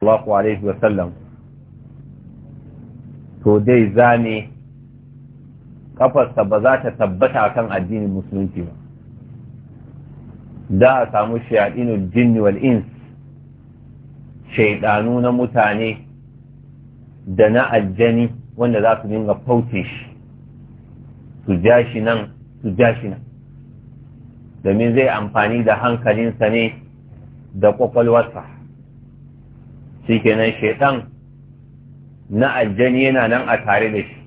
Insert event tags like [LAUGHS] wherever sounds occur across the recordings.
sallallahu alaihi wasallam to dai zane kafarsa ba za ta tabbata kan addinin musulunci ba da a samu shayaɗinul jinni wal ins shaidanu na mutane da na aljani wanda za su dinga fauce shi su ja shi nan su ja shi nan domin zai amfani da hankalinsa ne da kwakwalwarsa kenan shaiɗan na aljani yana nan a tare da shi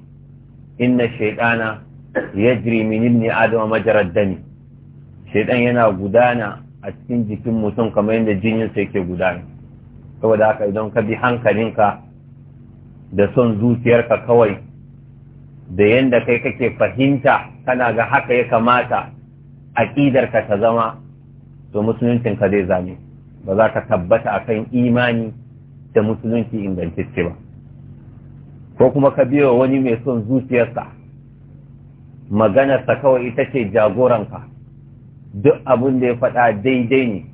inna ya ya min ne adama majarar dani Shaiɗan yana gudana a cikin jikin mutum kamar yadda jinin sai yake gudana saboda haka idan ka bi hankalinka da son zuciyarka kawai da yadda kai kake fahimta kana ga haka ya kamata aƙidarka ta zama to ka zai zame ba za ka tabbata akan imani da musulunci ingantacce ba ko kuma ka biyo wani mai son zuciyarsa maganarsa kawai ita ce jagoranka duk abin da ya faɗa daidai ne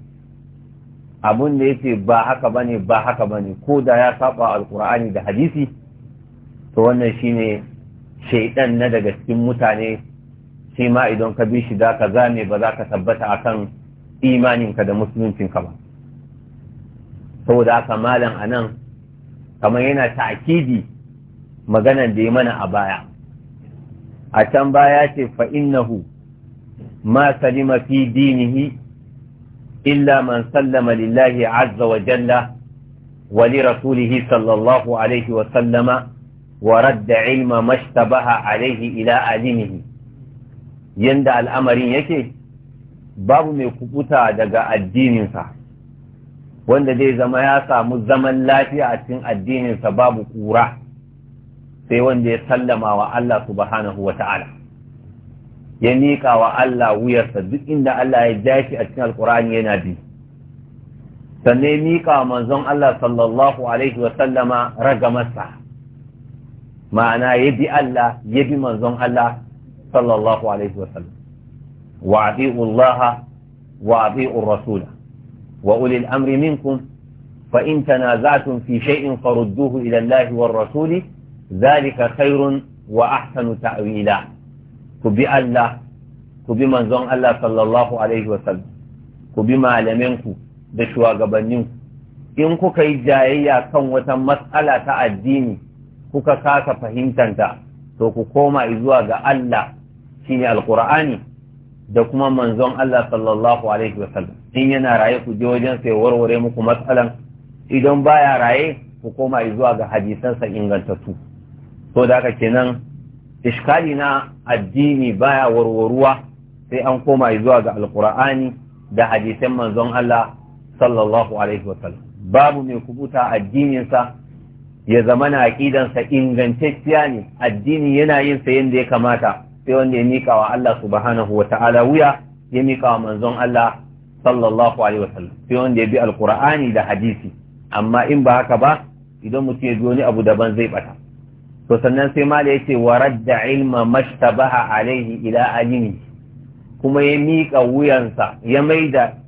abin da ya ce ba haka bane ba haka bane ko da ya saba alkur'ani da hadisi to wannan shine shaidan na daga cikin mutane shi ma idan ka bi shi za ka zame ba za ka tabbata akan imaninka da musuluncinka ba saboda haka malam a nan, kamar yana ta'kidi maganan da ya mana a baya a can baya ce fa innahu ma salima fi dinihi illa man sallama lillahi azza wa jalla wa li rasulihi sallallahu alaihi wa sallama wa radda ilma mashtabaha alaihi ila alimihi yanda al'amarin yake babu mai kubuta daga addininsa wanda zai zama ya samu zaman lafiya a cikin addininsa babu kura sai wanda ya sallama wa Allah subhanahu wa ta'ala ya miƙa wa Allah wuyarsa duk inda Allah ya ja a cikin alkur'ani yana bi sannan ya miƙa wa manzon Allah sallallahu alaihi wa sallama ragamarsa ma'ana ya bi Allah ya bi manzon Allah sallallahu alaihi wa sallam wa Allah wa abi'ur rasula وأولي الأمر منكم فإن تنازعتم في شيء فردوه إلى الله والرسول ذلك خير وأحسن تأويلا كبي الله كبي من زون الله صلى الله عليه وسلم كبي معلمينكم دشوا قبنينكم in kuka yi jayayya kan wata matsala ta addini kuka kasa fahimtanta to ku koma zuwa ga Allah shine alqur'ani da kuma manzon Allah sallallahu alaihi wa sallam. in yana raye ku je wajen sai warware muku matsalan idan baya raye ku koma zuwa ga hadisansa ingantattu to da haka kenan iskali na addini baya warwaruwa sai an koma zuwa ga alqur'ani da hadisan manzon Allah sallallahu alaihi wa sallam. babu mai kubuta addininsa ya zama na aƙidansa ingantacciya ne addini yana yin sa yadda ya kamata sai wanda ya mika wa Allah subhanahu wa ta'ala wuya ya mika wa manzon Allah sallallahu alaihi wa sallam. sai wanda ya bi alqur'ani da hadisi amma in ba haka ba idan mutum ya bi wani abu daban zai bata to sannan sai mala yace wa radda ilma mashtabaha alaihi ila alimi kuma ya mika wuyansa ya maida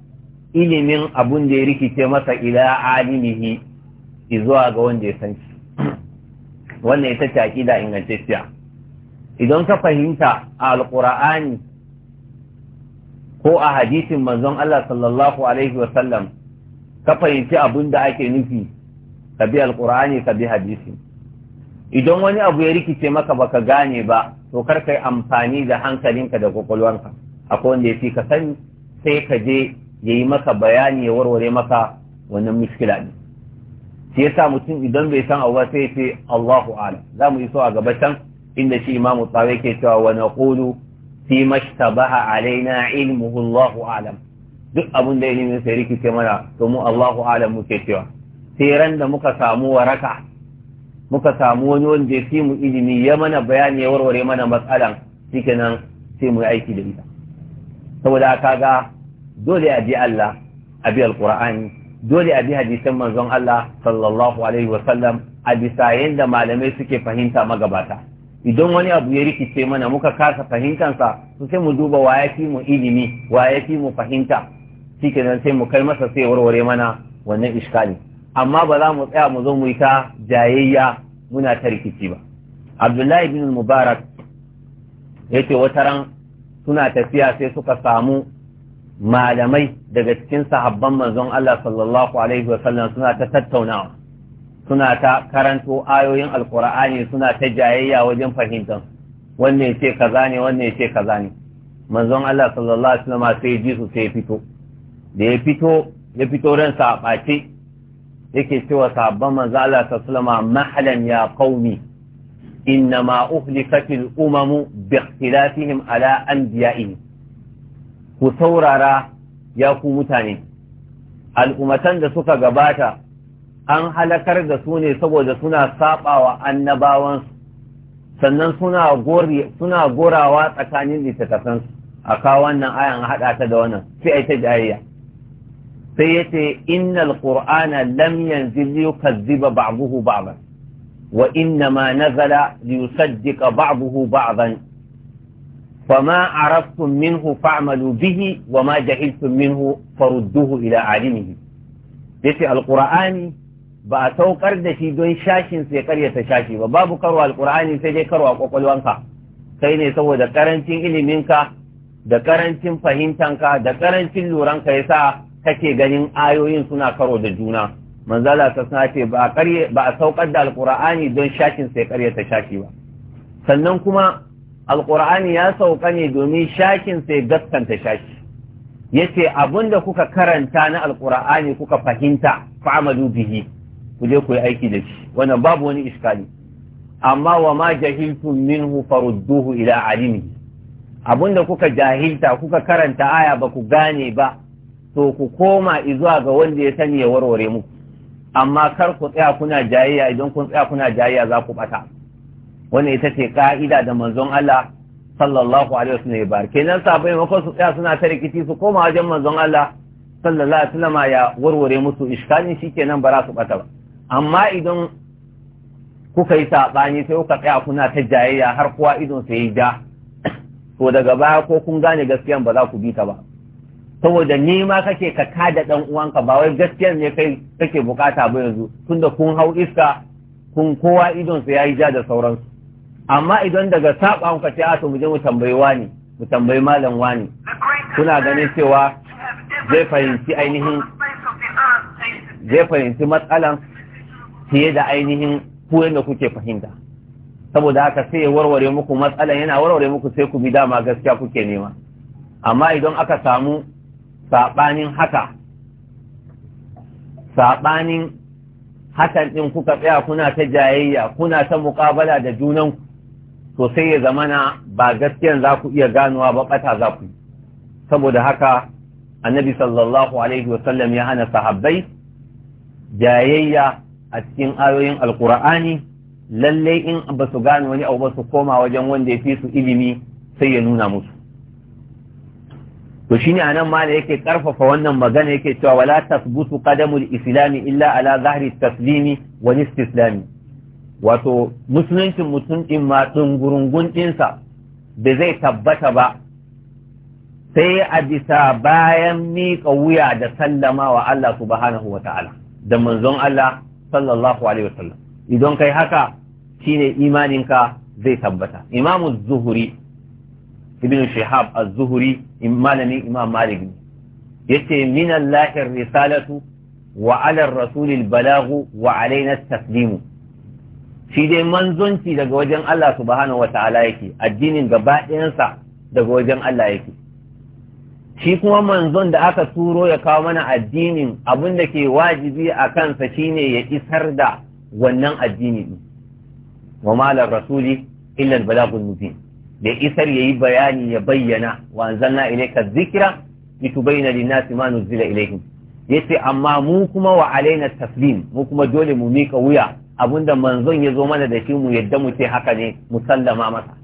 ilimin abun da ya rikice masa ila alimihi zuwa ga wanda ya san shi wannan ita ce aqida ingantacciya idan ka fahimta a alƙura'ani ko a hadisin manzon Allah sallallahu alaihi wasallam ka fahimci abin da ake nufi ka bi alƙura'ani ka bi hadisi idan wani abu ya rikice maka baka gane ba to kar ka yi amfani da hankalinka da kwakwalwanka akwai wanda ya fi ka sani sai ka je ya yi maka bayani ya warware maka wannan muskila ne shi yasa mutum idan bai san abu sai ya ce Allahu a'lam za mu yi so a gaba can inda shi imamu tsawe ke cewa wa naqulu fi mashtabaha alaina ilmuhu Allahu alam duk abin da ilimin sai rikice mana to mu Allahu alam muke cewa sai ran da muka samu waraka muka samu wani wanda ya fi mu ilimi ya mana bayani ya warware mana matsalan shikenan sai mu yi aiki da ita saboda ga dole a bi Allah a bi alqur'ani dole a bi hadisan manzon Allah sallallahu alaihi wasallam a bisa yadda malamai suke fahimta magabata idan wani abu ya rikice mana muka kasa fahimtansa to sai mu duba wa ya fi mu ilimi wa ya fi mu fahimta kenan sai mu kai masa sai warware mana wannan iskali amma ba za mu tsaya mu zo mu yi ta jayayya muna ta rikici ba abdullahi bin mubarak ya ce wata ran suna tafiya sai suka samu malamai daga cikin sahabban manzon Allah sallallahu alaihi wasallam suna ta tattaunawa suna ta karanto ayoyin alkur'ani suna ta jayayya wajen fahimtar wannan ce kaza ne wannan ce kaza ne manzon Allah sallallahu alaihi wasallam sai ji su sai fito da ya fito ya fito ran sa bace yake cewa sabban manzon Allah sallallahu alaihi mahalan ya qaumi innama uhlikatil umamu bi ikhtilafihim ala anbiya'ihim ku saurara ya ku mutane al'umatan da suka gabata an halakar da su ne saboda suna sabawa annabawan sannan suna gori suna gorawa tsakanin littattafan a kawo wannan ayan haɗa ta da wannan sai ai ta jayayya sai yace innal qur'ana lam yanzil yukazziba ba'dahu ba'dan wa inna ma nazala liyusaddiqa ba'dahu ba'dan فما عرفتم منه فاعملوا به وما جهلتم منه فردوه إلى عالمه يتي القرآن ba a saukar da shi don shashin sai karyata shashi ba babu karwa alkur'ani sai dai karwa kwakwalwanka kai ne saboda karancin iliminka da karancin fahimtanka da karancin luranka yasa kake ganin ayoyin suna karo da juna manzala ta suna ce ba a saukar da alkur'ani don shashin sai karyata shashi ba sannan kuma alkur'ani ya sauka ne domin shakin sai gaskanta shashi yace abinda kuka karanta na alkur'ani kuka fahimta fa'amalu bihi ku je ku yi aiki da shi wannan babu wani iskali amma wa ma jahiltum minhu farudduhu ila alimi abinda kuka jahilta kuka karanta aya ba ku gane ba to ku koma izuwa ga wanda ya sani ya warware muku amma kar ku tsaya kuna jayayya idan kun tsaya kuna jayayya za ku bata wannan ita ce ka'ida da manzon Allah sallallahu alaihi wasallam ya bar kenan sabai ma su tsaya suna ta rikici su koma wajen manzon Allah sallallahu alaihi wasallam ya warware musu iskalin shikenan ba za su bata ba amma idan kuka yi saɓani sai kuka tsaya kuna ta jayayya har kowa idon sai ja to daga baya ko kun gane gaskiyan ba za ku bi ta ba saboda ni ma kake ka kada dan uwanka ba wai gaskiyan ne kai kake bukata ba yanzu tunda kun hau iska kun kowa idon sai yayi ja da sauransu amma idan daga saba kuka ce a ah, to mu je mu tambayi wani mu tambayi malam wani kuna ganin cewa zai fahimci ainihin zai fahimci matsalan fiye da ainihin ku yadda kuke fahimta saboda haka sai ya warware muku matsala yana warware muku sai ku bi dama gaskiya kuke nema amma idan aka samu saɓanin haka saɓanin hakan ɗin kuka tsaya kuna ta jayayya kuna ta muƙabala da junan to sai ya zamana ba gaskiyan za ku iya ganowa ba ɓata za ku saboda haka annabi sallallahu alaihi wasallam ya hana sahabbai jayayya a cikin ayoyin alkur'ani lalle in ba su gane wani abu ba su koma wajen wanda ya fi su ilimi sai ya nuna musu to shine anan ma da yake karfafa wannan magana yake cewa wala tasbutu qadamul islami illa ala zahri taslimi wa istislami wato musuluncin mutum din ma dungurungun dinsa bai zai tabbata ba sai a bisa bayan miƙa wuya da sallama wa Allah subhanahu wa ta'ala da manzon Allah sallallahu alaihi wasallam idan kai haka shine imaninka zai tabbata imamu zuhuri ibn shihab az-zuhuri malamin imam malik yace min allahi risalatu wa ala ar-rasul al-balagu wa alaina at-taslimu shi dai manzonci daga wajen Allah subhanahu wata'ala yake addinin gaba ɗayansa daga wajen Allah yake shi kuma manzon da aka turo ya kawo mana addinin abin da ke wajibi a kansa shine ya isar da wannan addini din wa malar rasuli illa Bala mubin da isar yayi bayani ya bayyana wa anzalna ilayka dhikra litubayyana lin-nasi ma nuzila ilayhim yace amma mu kuma wa alaina taslim mu kuma dole mu mika wuya abinda manzon ya zo mana da shi mu yadda mu ce haka ne mu sallama masa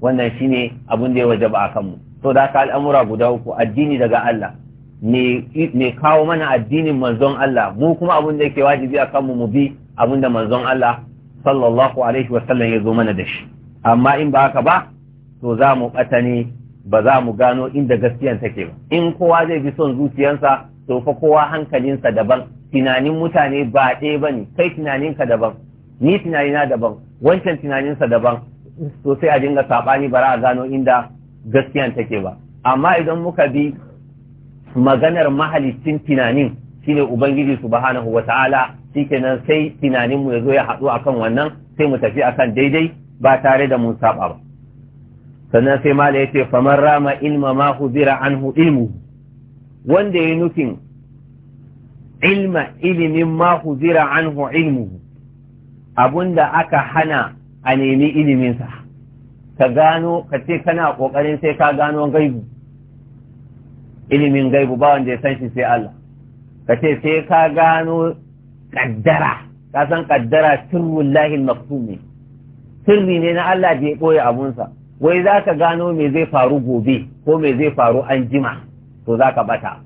wannan shine abin da ya wajaba a kanmu. to da ka al'amura guda uku addini daga Allah me kawo mana addinin manzon Allah mu kuma abin da yake wajibi a kanmu mu bi abin da manzon Allah sallallahu alaihi wa sallam ya zo mana da shi amma in ba haka ba to za mu bata ne ba za mu gano inda gaskiyan take ba in kowa zai bi son zuciyarsa to fa kowa hankalinsa daban tunanin mutane ba ɗaya ba ne kai tunaninka daban ni tunanina daban wancan tunaninsa daban sosai a dinga saɓani bara a gano inda gaskiyan take ba amma idan muka bi maganar mahalicin tunanin shine ubangiji subhanahu wata'ala shikenan sai tunanin mu yazo ya haɗu akan wannan sai mu tafi akan daidai ba tare da mun saba ba sannan sai mala yace faman rama ilma ma hudira anhu ilmu wanda ya nufin ilma ilimin ma hudira anhu ilmu abunda aka hana a nemi iliminsa ka gano ka ce kana ƙoƙarin sai ka gano gaibu ilimin gaibu ba wanda ya san shi sai Allah ka ce sai ka gano kaddara, ka san kaddara sirrul lahil maktumi sirri ne na Allah da ya abun abunsa wai za ka gano me zai faru gobe ko me zai faru an jima to za ka bata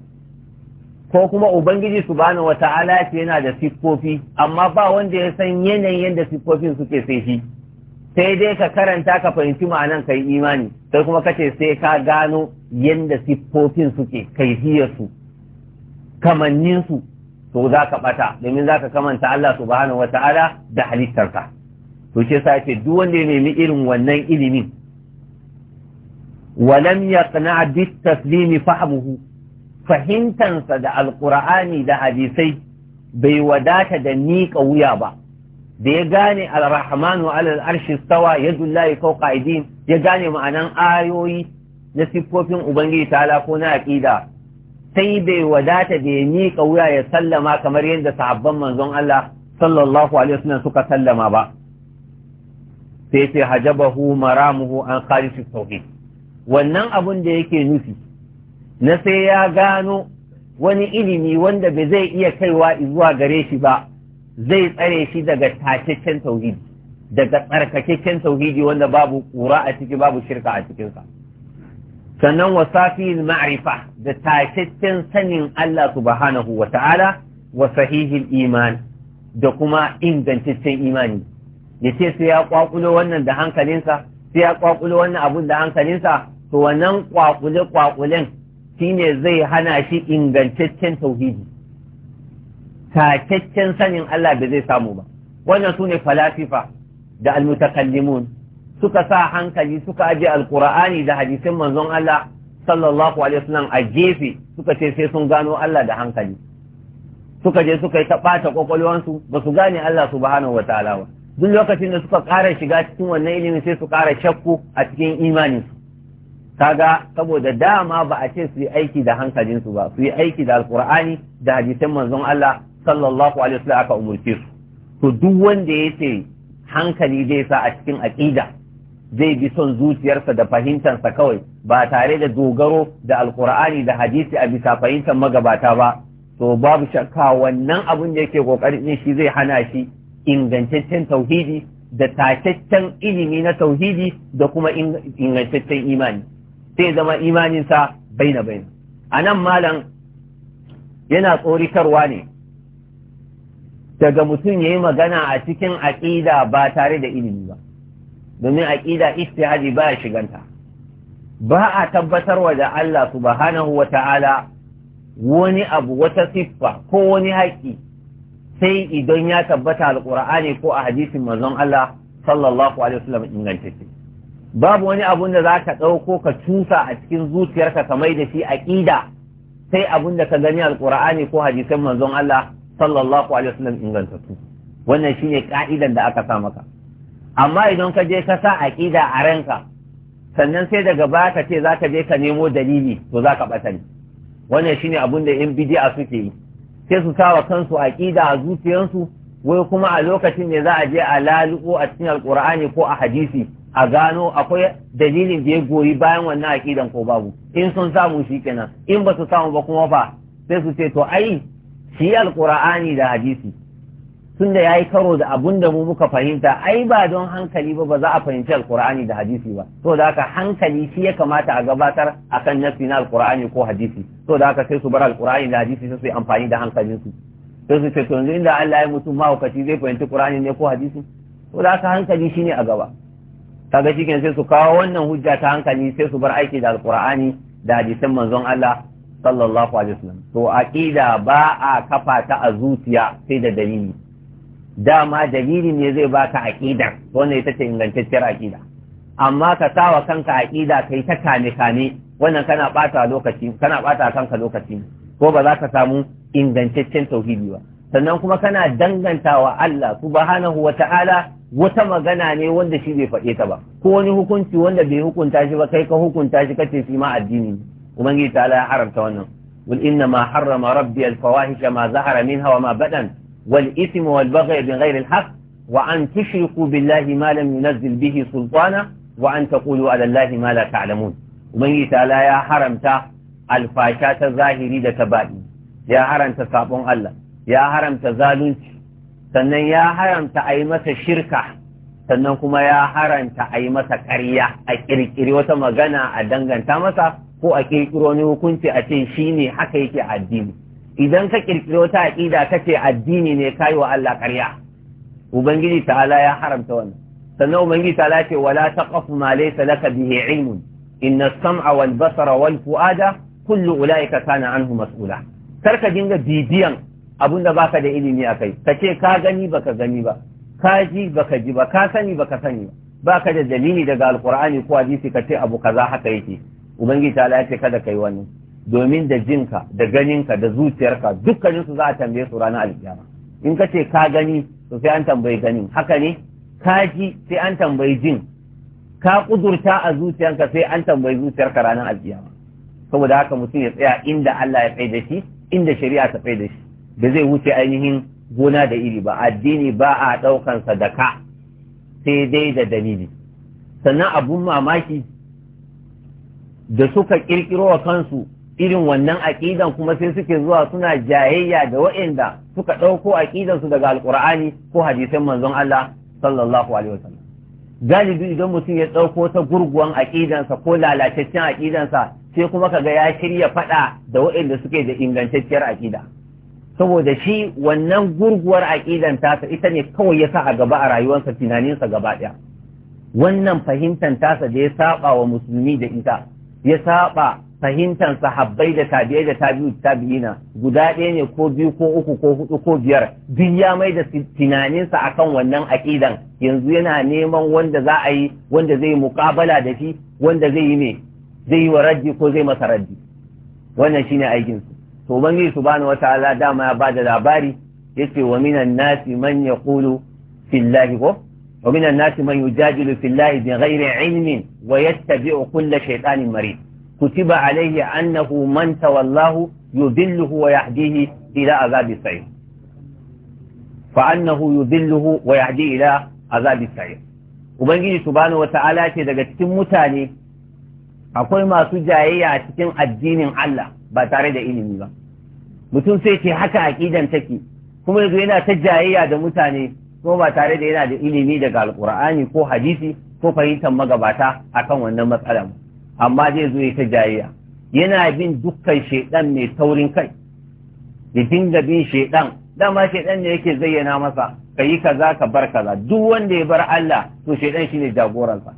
ko kuma ubangiji subhanahu wata'ala ce yana da siffofi amma ba wanda ya san yanayin yadda siffofin suke sai shi sai dai ka karanta ka fahimci ma'anan kai imani sai kuma kace sai ka gano yadda siffofin suke kaifiyarsu kamanninsu to za ka bata domin za ka kamanta Allah subhanahu wata'ala da halittarka to ce sa ce duk wanda ya nemi irin wannan ilimin walam yaqna bi taslimi fahmuhu sa da alqur'ani da hadisai bai wadata da miƙa wuya ba da ya gane al-rahmanu alal arshi stawa yadullahi ya gane ma'anan ayoyi na siffofin ubangiji ta'ala ko na aqida sai bai wadata da ya miƙa wuya ya sallama kamar yadda sahabban manzon Allah sallallahu alaihi wasallam suka sallama ba sai sai hajabahu maramuhu an kharij tauhid wannan abun da yake nufi na sai ya gano wani ilimi wanda bai zai iya kaiwa zuwa gare shi ba zai tsare shi daga tasheken tauhidi daga tsarkakeken tauhidi wanda babu ƙura a ciki babu shirka a cikinsa sannan wasafin ma'rifa da tasheken sanin Allah subhanahu wa ta'ala wa sahihin iman da kuma ingantaccen imani ya ce sai ya kwakulo wannan da hankalinsa sai ya kwakulo wannan abun da hankalinsa to wannan kwakule kwakulen shine zai hana shi ingantaccen tauhidi takakken sanin Allah da zai samu ba wannan sune falasifa da almutakallimun suka sa hankali suka aje alkur'ani da hadisin manzon Allah sallallahu alaihi wasallam a gefe suka ce sai sun gano Allah da hankali suka je suka yi ta ɓata kwakwalwansu ba su gane Allah subhanahu wa ta'ala ba duk lokacin da suka ƙara shiga cikin wannan ilimin sai su ƙara shakku a cikin imaninsu kaga saboda dama ba a ce su yi aiki da hankalinsu ba su yi aiki da alkur'ani da hadisan manzon Allah sallallahu alaihi wasallam aka umurce su to duk wanda ya ce hankali zai sa a cikin aqida zai bi son zuciyarsa da fahimtarsa kawai ba tare da dogaro da alkur'ani da hadisi a bisa fahimtar magabata ba to babu shakka wannan abin da yake kokarin din shi zai hana shi ingantaccen tauhidi da tataccen ilimi na tauhidi da kuma ingantaccen imani sai zama imaninsa baina baina a nan malam yana tsorikarwa ne daga mutum ya yi magana a cikin aƙida ba tare da ilimi ba domin aƙida istihadi ba ya shiganta ba a tabbatarwa da Allah subhanahu wa ta'ala wani abu wata siffa ko wani haƙƙi sai idan ya tabbata alƙur'ani ko a hadisin manzon Allah sallallahu alaihi wasallam babu wani abun da za ka ɗauko ka cusa a cikin zuciyarka ka mai da shi aƙida sai abun da ka gani alƙur'ani ko hadisan manzon Allah sallallahu alaihi wasallam ingantattu wannan shine ka'idan da aka sa maka amma idan ka je ka sa aqida a ranka sannan sai daga baya ka ce zaka je ka nemo dalili to zaka bata ne wannan shine abun da yan bid'a suke yi sai su sawa kansu aqida a zuciyansu wai kuma a lokacin ne za a je a laluko a cikin alqur'ani ko a hadisi a gano akwai dalilin da ya goyi bayan wannan aqidan ko babu in sun samu shi kenan. in ba su samu ba kuma fa sai su ce to ai shi alkur'ani da hadisi tun da yi karo da abun da mu muka fahimta ai ba don hankali ba ba za a fahimci alkurani da hadisi ba to da haka hankali shi ya kamata a gabatar akan nafi na alqur'ani ko hadisi to da haka sai su bar alqur'ani da hadisi sai su yi amfani da hankalinsu sai su ce to yanzu inda Allah ya mutum mahaukaci zai fahimci qur'ani ne ko hadisi to da haka hankali ne a gaba kaga shi sai su kawo wannan hujja ta hankali sai su bar aiki da alkur'ani da hadisan manzon Allah sallallahu alaihi wasallam to aqida ba a kafa ta a zuciya sai da dalili dama dalili ne zai baka aqida wanda ita ce ingantacciyar aqida amma ka sawa kanka aqida kai ta kame kame wannan kana bata lokaci kana bata kanka lokaci ko ba za ka samu ingantaccen tauhidi ba sannan kuma kana danganta wa Allah subhanahu ta'ala, wata magana ne wanda shi bai faɗe ta ba ko wani hukunci wanda bai hukunta shi ba kai ka hukunta shi kace shi ma addini ne ubangiji ta ya haramta wannan wal inna ma harrama rabbi al fawahisha ma zahara minha wa ma badan wal ithm wal baghy bi ghairi al haqq wa an tushriku billahi ma lam yunzil bihi sultana wa an taqulu ala allahi ma la ta'lamun ubangiji ta ya haramta alfasha ta zahiri da ta baɗi ya haramta sabon Allah ya haramta zalunci sannan ya haramta a yi masa shirka sannan kuma ya haramta a yi masa ƙarya a ƙirƙiri wata magana a danganta masa ko a kirkiro wani hukunci a ce shi ne haka yake addini idan ka kirkiro ta aƙida ka ce addini ne kayi wa Allah ƙarya ubangiji ta'ala ya haramta wani sannan ubangiji ta'ala ce wala taqaf ma laysa laka bihi ilmun inna as-sam'a wal basara wal fu'ada kullu ulaika kana anhu mas'ula kar ka dinga bibiyan abun da baka da ilimi kai. ka ce ka gani baka gani ba ka ji baka ji ba ka sani baka sani ba baka da dalili daga alqur'ani ko hadisi ka ce abu kaza haka yake ubangiji ta ya ce kada kai wani domin da jinka da ganinka da zuciyarka dukkanin su za a tambaye su ranar alkiyama in ka ce ka gani to sai an tambayi ganin haka ne ka ji sai an tambayi jin ka kudurta a zuciyarka sai an tambayi zuciyarka ranar alkiyama saboda haka mutum ya tsaya inda Allah ya tsaye da shi inda shari'a ta tsaye da shi da zai wuce ainihin gona da iri ba addini ba a ɗaukan sadaka sai dai da dalili sannan abun mamaki da suka kirkiro wa kansu irin wannan aƙidan kuma sai suke zuwa suna jayayya da wa'inda suka ɗauko aƙidansu daga alƙur'ani ko hadisan manzon Allah sallallahu alaihi wasallam galibi idan mutum ya ɗauko ta gurguwan aƙidansa ko lalataccen aƙidansa sai kuma kaga ya shirya faɗa da wa'inda suke da ingantacciyar aƙida saboda shi wannan gurguwar aƙidan tasa ita ne kawai ya sa a gaba a rayuwarsa tunaninsa gaba ɗaya wannan fahimtar tasa da ya saba wa musulmi da ita ya saba fahimtar sahabbai da tabi'ai da tabi'u tabi'ina guda ɗaya ne ko biyu ko uku ko hudu ko biyar duk ya mai da tunaninsa akan wannan aqidan yanzu yana neman wanda za a yi wanda zai muƙabala da shi wanda zai yi ne zai yi wa raddi ko zai masa raddi wannan shine aikin su to ubangiji subhanahu wataala dama ya bada labari yace wa minan nasi man yaqulu fillahi ko ومن الناس من يجادل في الله بغير علم ويتبع كل شيطان مريض كتب عليه أنه من تولاه يذله ويهديه إلى عذاب السعير فأنه يذله ويهديه إلى عذاب السعير Ubangiji subhanahu wata'ala ce daga cikin mutane akwai masu jayayya a cikin addinin Allah ba tare da ilimi ba. Mutum sai ce haka aƙidan take, kuma yanzu yana ta jayayya da mutane ko ba tare da yana da ilimi daga alkur'ani ko hadisi ko fahimtar magabata akan wannan matsalar amma zai zo ya ta jayayya yana bin dukkan shaidan mai taurin kai ya dinga bin shaidan dama shaidan ne yake zayyana masa ka yi kaza ka bar kaza duk wanda ya bar Allah to shaidan shine jagoransa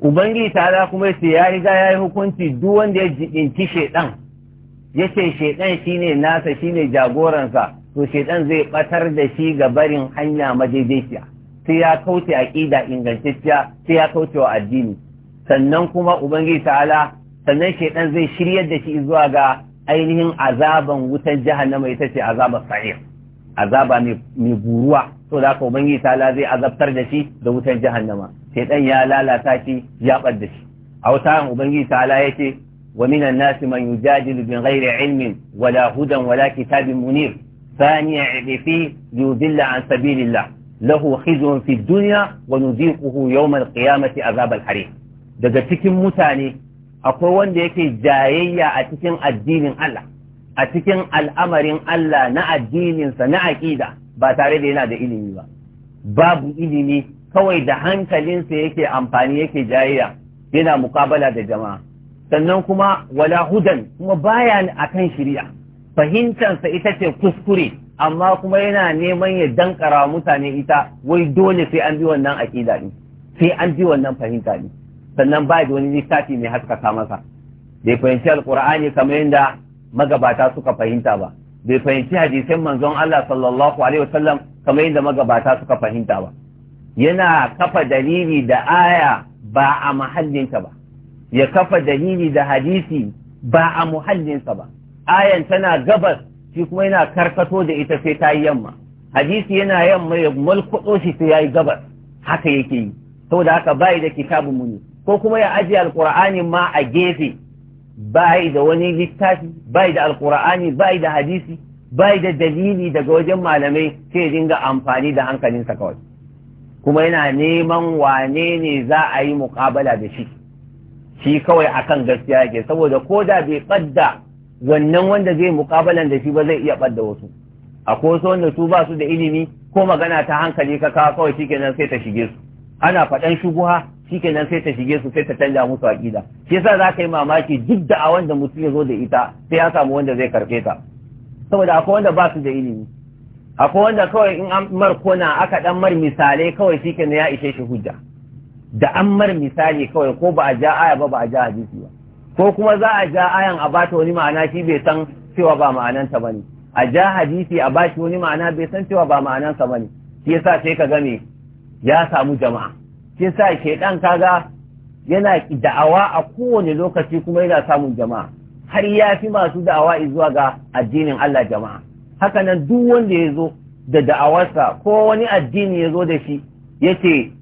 ubangiji ta kuma yace ya riga ya yi hukunci duk wanda ya jibinci shaidan yace shaidan shine nasa shine jagoransa to shaidan zai batar da shi ga barin hanya madaidaiciya sai ya kauce aqida ingantacciya sai ya kauce wa addini sannan kuma ubangiji ta'ala sannan shaidan zai shiryar da shi zuwa ga ainihin azaban wutan jahannama ita ce azabar sa'ir azaba mai guruwa to da ka ubangiji ta'ala zai azabtar da shi da wutan jahannama shaidan ya lalata shi ya bar da shi a wata ubangiji ta'ala yace ومن الناس من يجادل بغير علم ولا هدى ولا كتاب منير ثاني عرفه ليضل عن سبيل الله له خزي في الدنيا ونذيقه يوم القيامة عذاب الحريق daga cikin mutane akwai wanda yake jayayya a cikin addinin Allah a cikin al'amarin Allah na addininsa na aƙida ba tare da yana da ilimi ba babu ilimi kawai da hankalinsa yake amfani yake jayayya yana mukabala da jama'a sannan kuma wala hudan kuma baya a kan shari'a fahimtansa ita ce kuskure amma kuma yana neman ya dankara mutane ita wai dole sai an bi wannan aƙida ne sai an bi wannan fahimta ne sannan ba da wani littafi mai haskaka masa bai fahimci Alƙur'ani kamar yadda magabata suka fahimta ba bai fahimci hadisin manzon Allah sallallahu alaihi wasallam kamar yadda magabata suka fahimta ba yana kafa dalili da aya ba a muhallinta ba ya kafa dalili da hadisi ba a muhallinsa ba ayan tana gabas shi kuma yana karkato da ita sai ta yi yamma hadisi yana yamma ya mulkuɗo shi sai ya yi gabas haka yake yi saboda haka bayi da kitabun muni ko kuma ya ajiye alkur'ani ma a gefe bayi da wani littafi bayi da alkur'ani bayi da hadisi bayi da dalili daga wajen malamai sai dinga amfani da hankalinsa kawai kuma yana neman wane ne za a yi muƙabala da shi shi kawai akan gaskiya yake saboda ko da bai ƙadda wannan wanda zai mukabalan da shi ba zai iya ɓadda wasu akwai wasu wanda su ba su da ilimi ko magana ta hankali ka kawo kawai shikenan sai ta shige su ana faɗan shubuha shikenan sai ta shige su sai ta canja musu aƙida shi yasa za ka yi mamaki duk da a wanda mutum ya zo da ita sai ya samu wanda zai karfe ta saboda akwai wanda ba su da ilimi akwai wanda kawai in an mar kona aka dan mar misalai kawai shikenan ya ishe shi hujja da an mar misali kawai ko ba a ja aya ba ba a ja hadisi ba ko kuma za a ja ayan a bata wani ma'ana shi bai san cewa ba ma'ananta ba ne a ja hadisi a bashi wani ma'ana bai san cewa ba ma'anansa ba ne shi yasa sai ka game ya samu jama'a shi yasa dan kaga yana da'awa a kowane lokaci kuma yana samun jama'a har ya fi masu da'awa zuwa ga addinin Allah jama'a haka nan duk wanda ya zo da da'awarsa ko wani addini ya zo da shi yace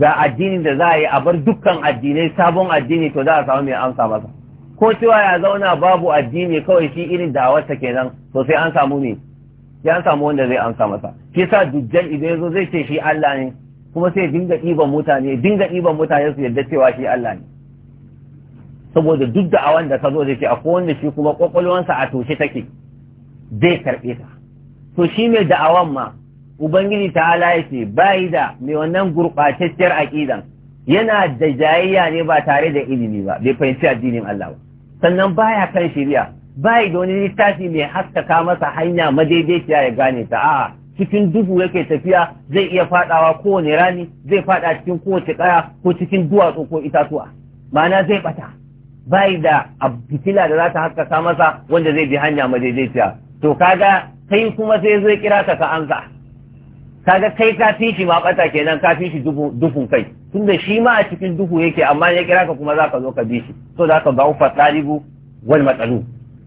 ga addinin da za a yi a bar dukkan addinai sabon addini to za a samu mai amsa masa ko cewa ya zauna babu addini kawai shi irin dawarsa kenan to sai an samu ne sai an samu wanda zai amsa masa shi sa dujjal idan yazo zai ce shi Allah ne kuma sai dinga ɗiban mutane dinga ɗiban mutane su yadda cewa shi Allah ne saboda duk da'awan da ka zo zai ce akwai wanda shi kuma kwakwalwansa a toshe take zai karɓe ta to shi mai da'awan ma ubangiji ta ala ce bayi da mai wannan gurɓatacciyar aƙidan yana da jayayya ne ba tare da ilimi ba bai fahimci addinin Allah ba sannan baya kan shirya bai da wani littafi mai haskaka masa hanya madaidaiciya ya gane ta A cikin duhu yake tafiya zai iya fadawa kowane rani zai fada cikin kowace kaya ko cikin duwatsu ko itatuwa ma'ana zai bata bai da fitila da za ta haskaka masa wanda zai bi hanya madaidaiciya to kaga kai kuma sai zai kira ka ka ansa kaga kai ka fi shi ma bata kenan ka fi shi duhun kai tunda shi ma a cikin duhu yake amma ya kira ka kuma za ka zo ka bi shi so za ka ba ufa talibu wal matsalu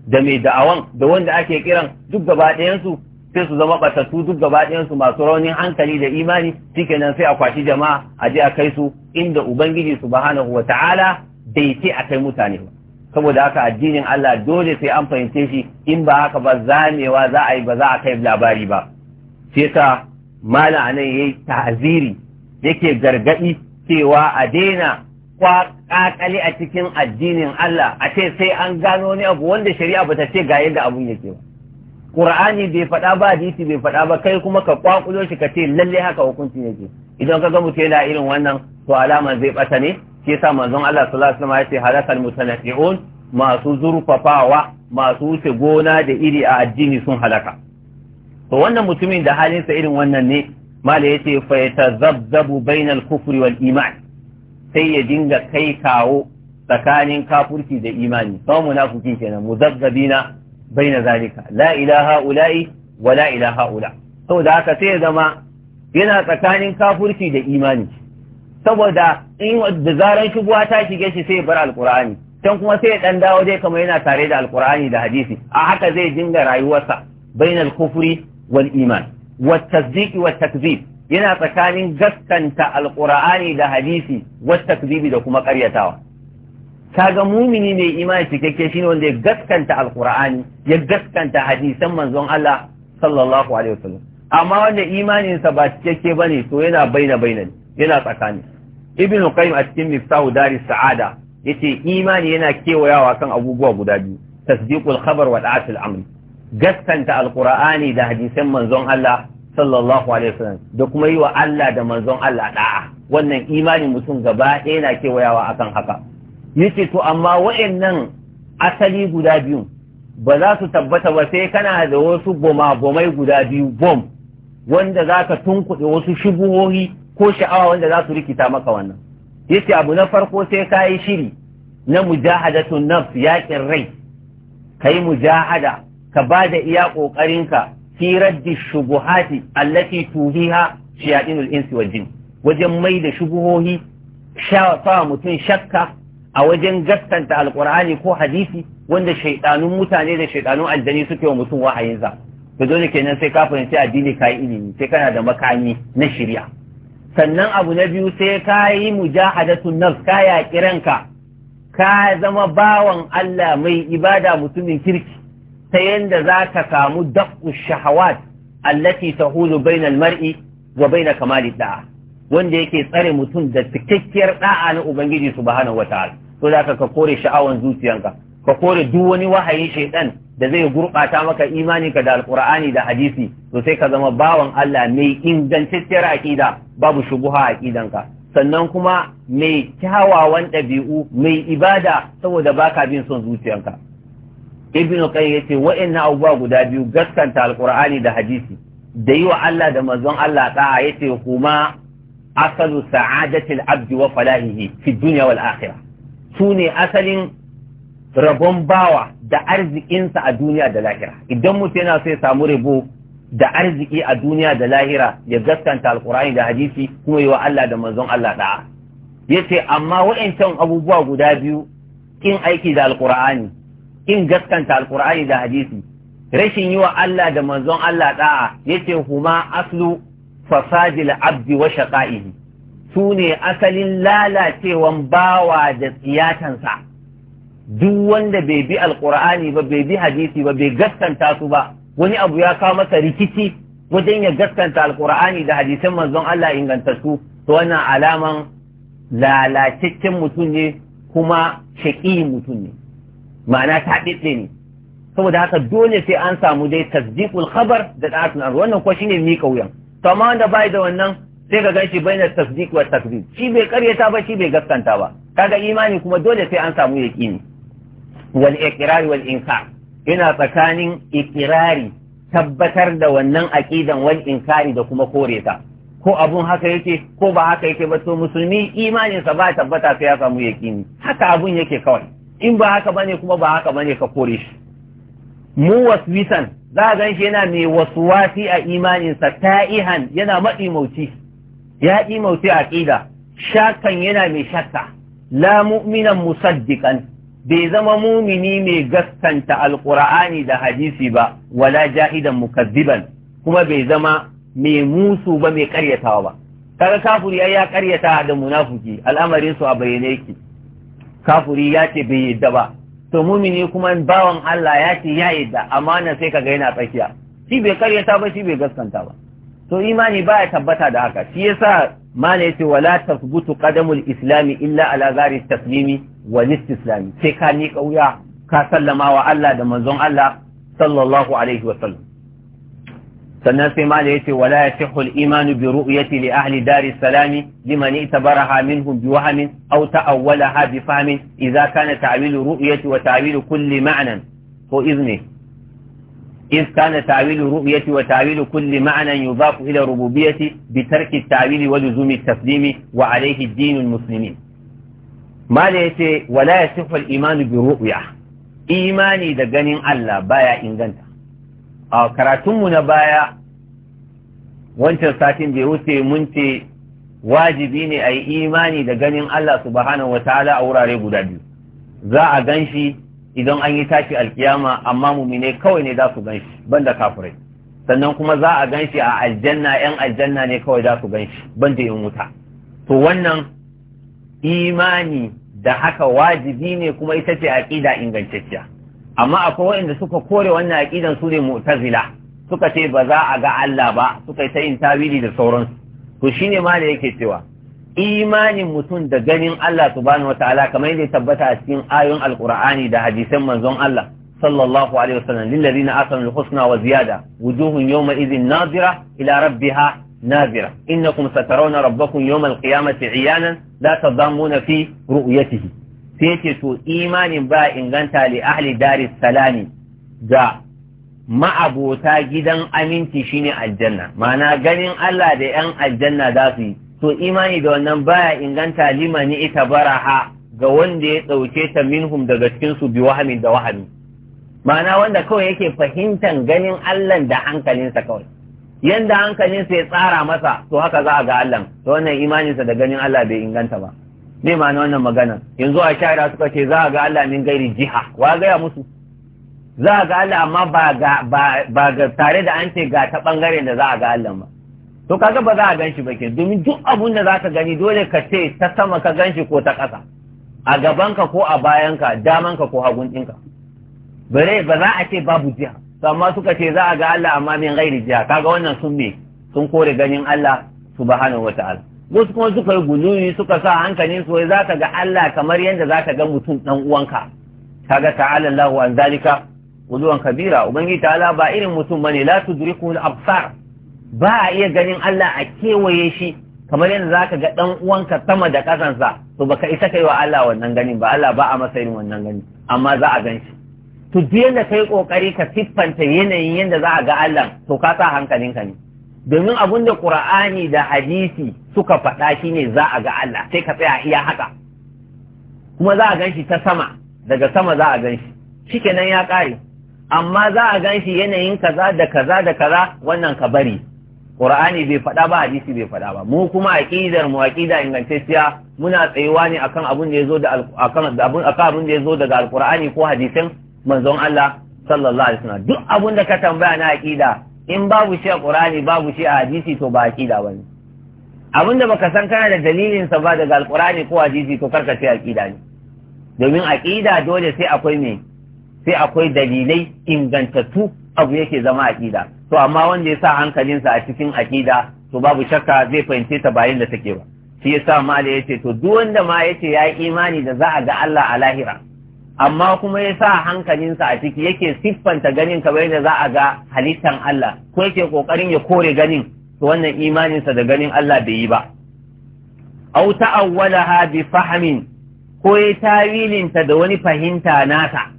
da mai da'awan da wanda ake kiran duk gaba ɗayansu sai su zama batattu duk gaba ɗayansu masu raunin hankali da imani shikenan sai a kwashi jama'a a je a kai su inda ubangiji subhanahu wa ta'ala bai ce a kai mutane ba saboda haka addinin Allah dole sai an fahimce shi in ba haka ba zamewa za a yi ba za a kai labari ba sai ta mala anan yayi ta'ziri yake gargadi cewa a daina kwakakali a cikin addinin Allah a ce sai an gano ne abu wanda shari'a bata ce ga yadda abun yake ba Qur'ani bai faɗa ba hadisi bai faɗa ba kai kuma ka kwakulo shi ka ce lalle haka hukuncin yake idan ka ga mutum yana irin wannan to alama zai bata ne ke sa manzon Allah sallallahu alaihi wasallam ya ce halakal mutanafi'un masu zurfafawa masu wuce gona da iri a addini sun halaka to wannan mutumin da halinsa irin wannan ne mala yace fa yatazabzabu bainal kufri wal iman sai ya dinga kai kawo tsakanin kafurci da imani sau munafukin kenan muzabbabina baina zalika la ilaha ula'i wa la ilaha ula saboda haka sai ya zama yana tsakanin kafurci da imani saboda in da zaran shubuwa ta shige shi sai bar alqur'ani can kuma sai ya dan dawo dai kamar yana tare da alqur'ani da hadisi a haka zai dinga rayuwarsa bainal kufri wal iman والتصديق والتكذيب yana tsakanin gaskanta alqur'ani da hadisi wattakzibi da kuma ƙaryatawa kaga mumini mai imani cikakke shine wanda ya gaskanta alqur'ani ya gaskanta hadisan manzon Allah sallallahu alaihi wasallam amma wanda imaninsa ba cikakke bane to yana baina baina yana tsakani ibn qayyim a cikin miftahu daris sa'ada ce imani yana kewayawa kan abubuwa guda biyu tasdiqul khabar wa da'atul amri gaskanta alkur'ani da hadisan manzon Allah sallallahu alaihi wasallam da kuma yi wa Allah da manzon Allah da'a wannan imani mutum gaba ɗaya na kewayawa akan haka yace to amma wa'annan asali guda biyu ba za su tabbata ba sai kana da wasu goma-gomai guda biyu bom wanda za ka tunkuɗe wasu shubuhohi ko sha'awa wanda za su rikita maka wannan yace abu na farko sai ka yi shiri na mujahadatun nafs yaƙin rai ka mujahada ka ba da iya ƙoƙarinka fi raddi shubuhati allati tuhiha shiyadinul insi wal jin wajen mai da shubuhohi sa mutum shakka a wajen gaskanta Alƙur'ani ko hadisi wanda shaidanun mutane da shaidanun aljani suke wa mutum wahayinsa to dole kenan sai ka fahimci addini kai ilimi sai kana da makami na shirya sannan abu na biyu sai ka yi mujahadatun nafs ka yaƙi ranka ka zama bawan Allah mai ibada mutumin kirki ta yanda za ta kamu daƙu shahawat allati ta hudu bainal mar'i wa baina kamali da'a wanda yake tsare mutum da cikakkiyar da'a na ubangiji subhanahu wataala to zaka ka kore sha'awan zuciyanka ka kore duk wani wahayin shaiɗan da zai gurɓata maka imani ka da alqur'ani da hadisi to sai ka zama bawan Allah mai ingantacciyar aƙida babu shubuha aqidanka sannan kuma mai kyawawan ɗabi'u mai ibada saboda baka bin son zuciyanka ibn qayyim yace wa'annan abubuwa guda biyu gaskanta alqur'ani da hadisi da yi wa Allah da manzon Allah ta'a yace kuma asalu sa'adati al-abdi wa falahihi fi dunya wal akhirah sune asalin rabon bawa da arzikinsa a duniya da lahira idan mutum yana so ya samu rabo da arziki a duniya da lahira ya gaskanta alqur'ani da hadisi kuma yi wa Allah da manzon Allah da'a yace amma wa'ancan abubuwa guda biyu in aiki da alqur'ani in gaskanta alkur'ani da hadisi rashin yi wa Allah da manzon Allah da'a yace huma aslu fasadil abdi wa shaqa'ihi su ne asalin lalacewan bawa da tsiyatansa duk wanda bai bi Alƙur'ani ba bai bi hadisi ba bai gaskanta su ba wani abu ya kawo masa rikici wajen ya gaskanta alkur'ani da hadisan manzon Allah ingantattu to wannan alaman lalataccen mutum ne kuma shaƙi mutum ne ma'ana ta ɗiɗɗe ne saboda haka dole sai an samu dai tasdiqul khabar da da'atun ar wannan kuwa shine mi kauyan to amma wanda bai da wannan sai ka ganshi baina tasdiq wa takzib shi bai karyata ba shi bai gaskanta ba kaga imani kuma dole sai an samu yaqini wal iqrar wal inkar yana tsakanin iqrari tabbatar da wannan aqidan wal inkari da kuma kore ta ko abun haka yake ko ba haka yake ba to musulmi imaninsa ba tabbata sai ya samu yaqini haka abun yake kawai in ba haka bane kuma ba haka bane ka kore shi mu waswisan za a gan shi yana mai wasu wasi a imaninsa ta'ihan yana maɗi mauti ya ƙi mauti a ƙida shakan yana mai shakka la mu'minan musaddiqan bai zama mumini mai gaskanta alqur'ani da hadisi ba wala jahidan mukazziban kuma bai zama mai musu ba mai karyatawa ba kaga kafuri ai ya karyata da munafiki al'amarin su a bayyane yake kafuri ya ce bai yadda ba to mumini kuma bawan Allah ya ce ya yadda amana sai ka kaga yana tsakiya shi bai karyata ba shi bai gaskanta ba to imani baya tabbata da haka shi yasa mana yace wala tasbutu qadamul islami illa ala zari taslimi wal istislami sai ka ni kauya ka sallama wa Allah da manzon Allah sallallahu alaihi wa sallam sannan sai mala yace wala yasihu al-imanu bi ru'yati li ahli dari salami liman itabaraha minhum bi wahmin aw ta'awwalaha bi fahmin idza kana ta'wilu ru'yati wa ta'wilu kulli ma'nan ko izni إذ كان تعويل الرؤية وتعويل كل معنى يضاف إلى الربوبية بترك التعويل ولزوم التسليم وعليه الدين المسلمين ما ليس ولا يصح الإيمان بالرؤية إيماني دقن الله بايا إنغنت a karatunmu na baya wancan satin da ya wuce mun ce wajibi ne a yi imani da ganin Allah subhanahu wa ta'ala a wurare guda biyu za a gan shi idan an yi tashi alkiyama amma mumine kawai ne za su gan shi banda kafirai sannan kuma za a gan shi a aljanna yan aljanna ne kawai za su gan shi banda yin wuta to wannan imani da haka wajibi ne kuma ita ce aƙida ingantacciya amma akwai waɗanda suka kore wannan aƙidan su ne mu'tazila suka ce ba za a ga Allah ba suka yi ta yin tawili da sauransu to shine ma da yake cewa imanin mutum da ganin Allah subhanahu wataala kamar yadda ya tabbata a cikin ayoyin alqur'ani da hadisan manzon Allah sallallahu alaihi wasallam lil asanu husna wa ziyada wujuhun yawma idhin nazira ila rabbiha nazira innakum satarawna rabbakum yawma alqiyamati iyanan la tadamuna fi ru'yatihi sai yake to imanin ba inganta li ahli daris salami ga ma'abota gidan aminci shine aljanna ma'ana ganin Allah da 'yan aljanna za su yi to imani da wannan baya inganta limani ita baraha ga wanda ya ɗauke ta minhum daga cikin su bi wahamin da wahami ma'ana wanda kawai yake fahimtan ganin Allah da hankalinsa kawai yanda hankalinsa ya tsara masa to haka za a ga Allah to wannan imaninsa da ganin Allah bai inganta ba me ma'ana wannan magana yanzu a shara suka ce za a ga Allah min gairi jiha wa gaya musu za a ga Allah amma ba ga tare da an ce ga ta bangaren da za a ga Allah ba to kaga ba za a gan ba ke domin duk abun da za ka gani dole ka ce ta sama ka gan shi ko ta ƙasa a gabanka ko a bayanka damanka ko hagun ɗinka bare ba za a ce babu jiha amma suka ce za a ga Allah amma min gairi jiha kaga wannan sun me sun kore ganin Allah subhanahu wata'ala wasu kuma suka yi guluyi suka sa hankalin su za ka ga Allah kamar yadda za ka ga mutum ɗan uwanka kaga ta'ala Allahu an zalika wuzuwan kabira ubangiji ala ba irin mutum bane la tudriku al-absar ba a iya ganin Allah a kewaye shi kamar yadda zaka ga dan uwanka sama da kasansa to baka isa kai wa Allah wannan ganin ba Allah ba a masa irin wannan gani amma za a ganshi. to duk yanda kai kokari ka siffanta yanayin yadda za a ga Allah to ka sa hankalinka ne domin abun da Qur'ani da hadisi suka faɗa shi ne za a ga Allah sai ka tsaya iya haka kuma za a ganshi ta sama daga sama za a ganshi. shi shikenan ya kare amma za a gan shi yanayin kaza da kaza da kaza wannan ka bari Qur'ani bai faɗa ba hadisi bai faɗa ba mu kuma aqidar mu aqida ingantacciya muna tsayuwa ne akan abin da yazo da akan abin akan abin da yazo daga alqur'ani ko hadisin manzon Allah sallallahu alaihi wasallam duk abin da ka tambaya na aqida in babu shi a Qur'ani babu shi a hadisi to ba aqida bane abin da baka san kana da dalilin sa ba daga alqur'ani ko hadisi to karka ce aqida ne domin aqida dole sai akwai me sai akwai dalilai ingantattu abu yake zama aƙida to amma wanda ya sa hankalinsa a cikin aƙida to babu shakka zai fahimce ta bayan da take ba shi yasa mali yace to duk wanda ma yace ya yi imani da za a ga Allah a lahira amma kuma ya sa hankalinsa a ciki yake siffanta ganin kamar yadda za a ga halittan Allah ko yake kokarin ya kore ganin to wannan imaninsa da ganin Allah bai yi ba Auta ta'awwalaha bi fahmin ko ya tawilinta da wani fahimta nata.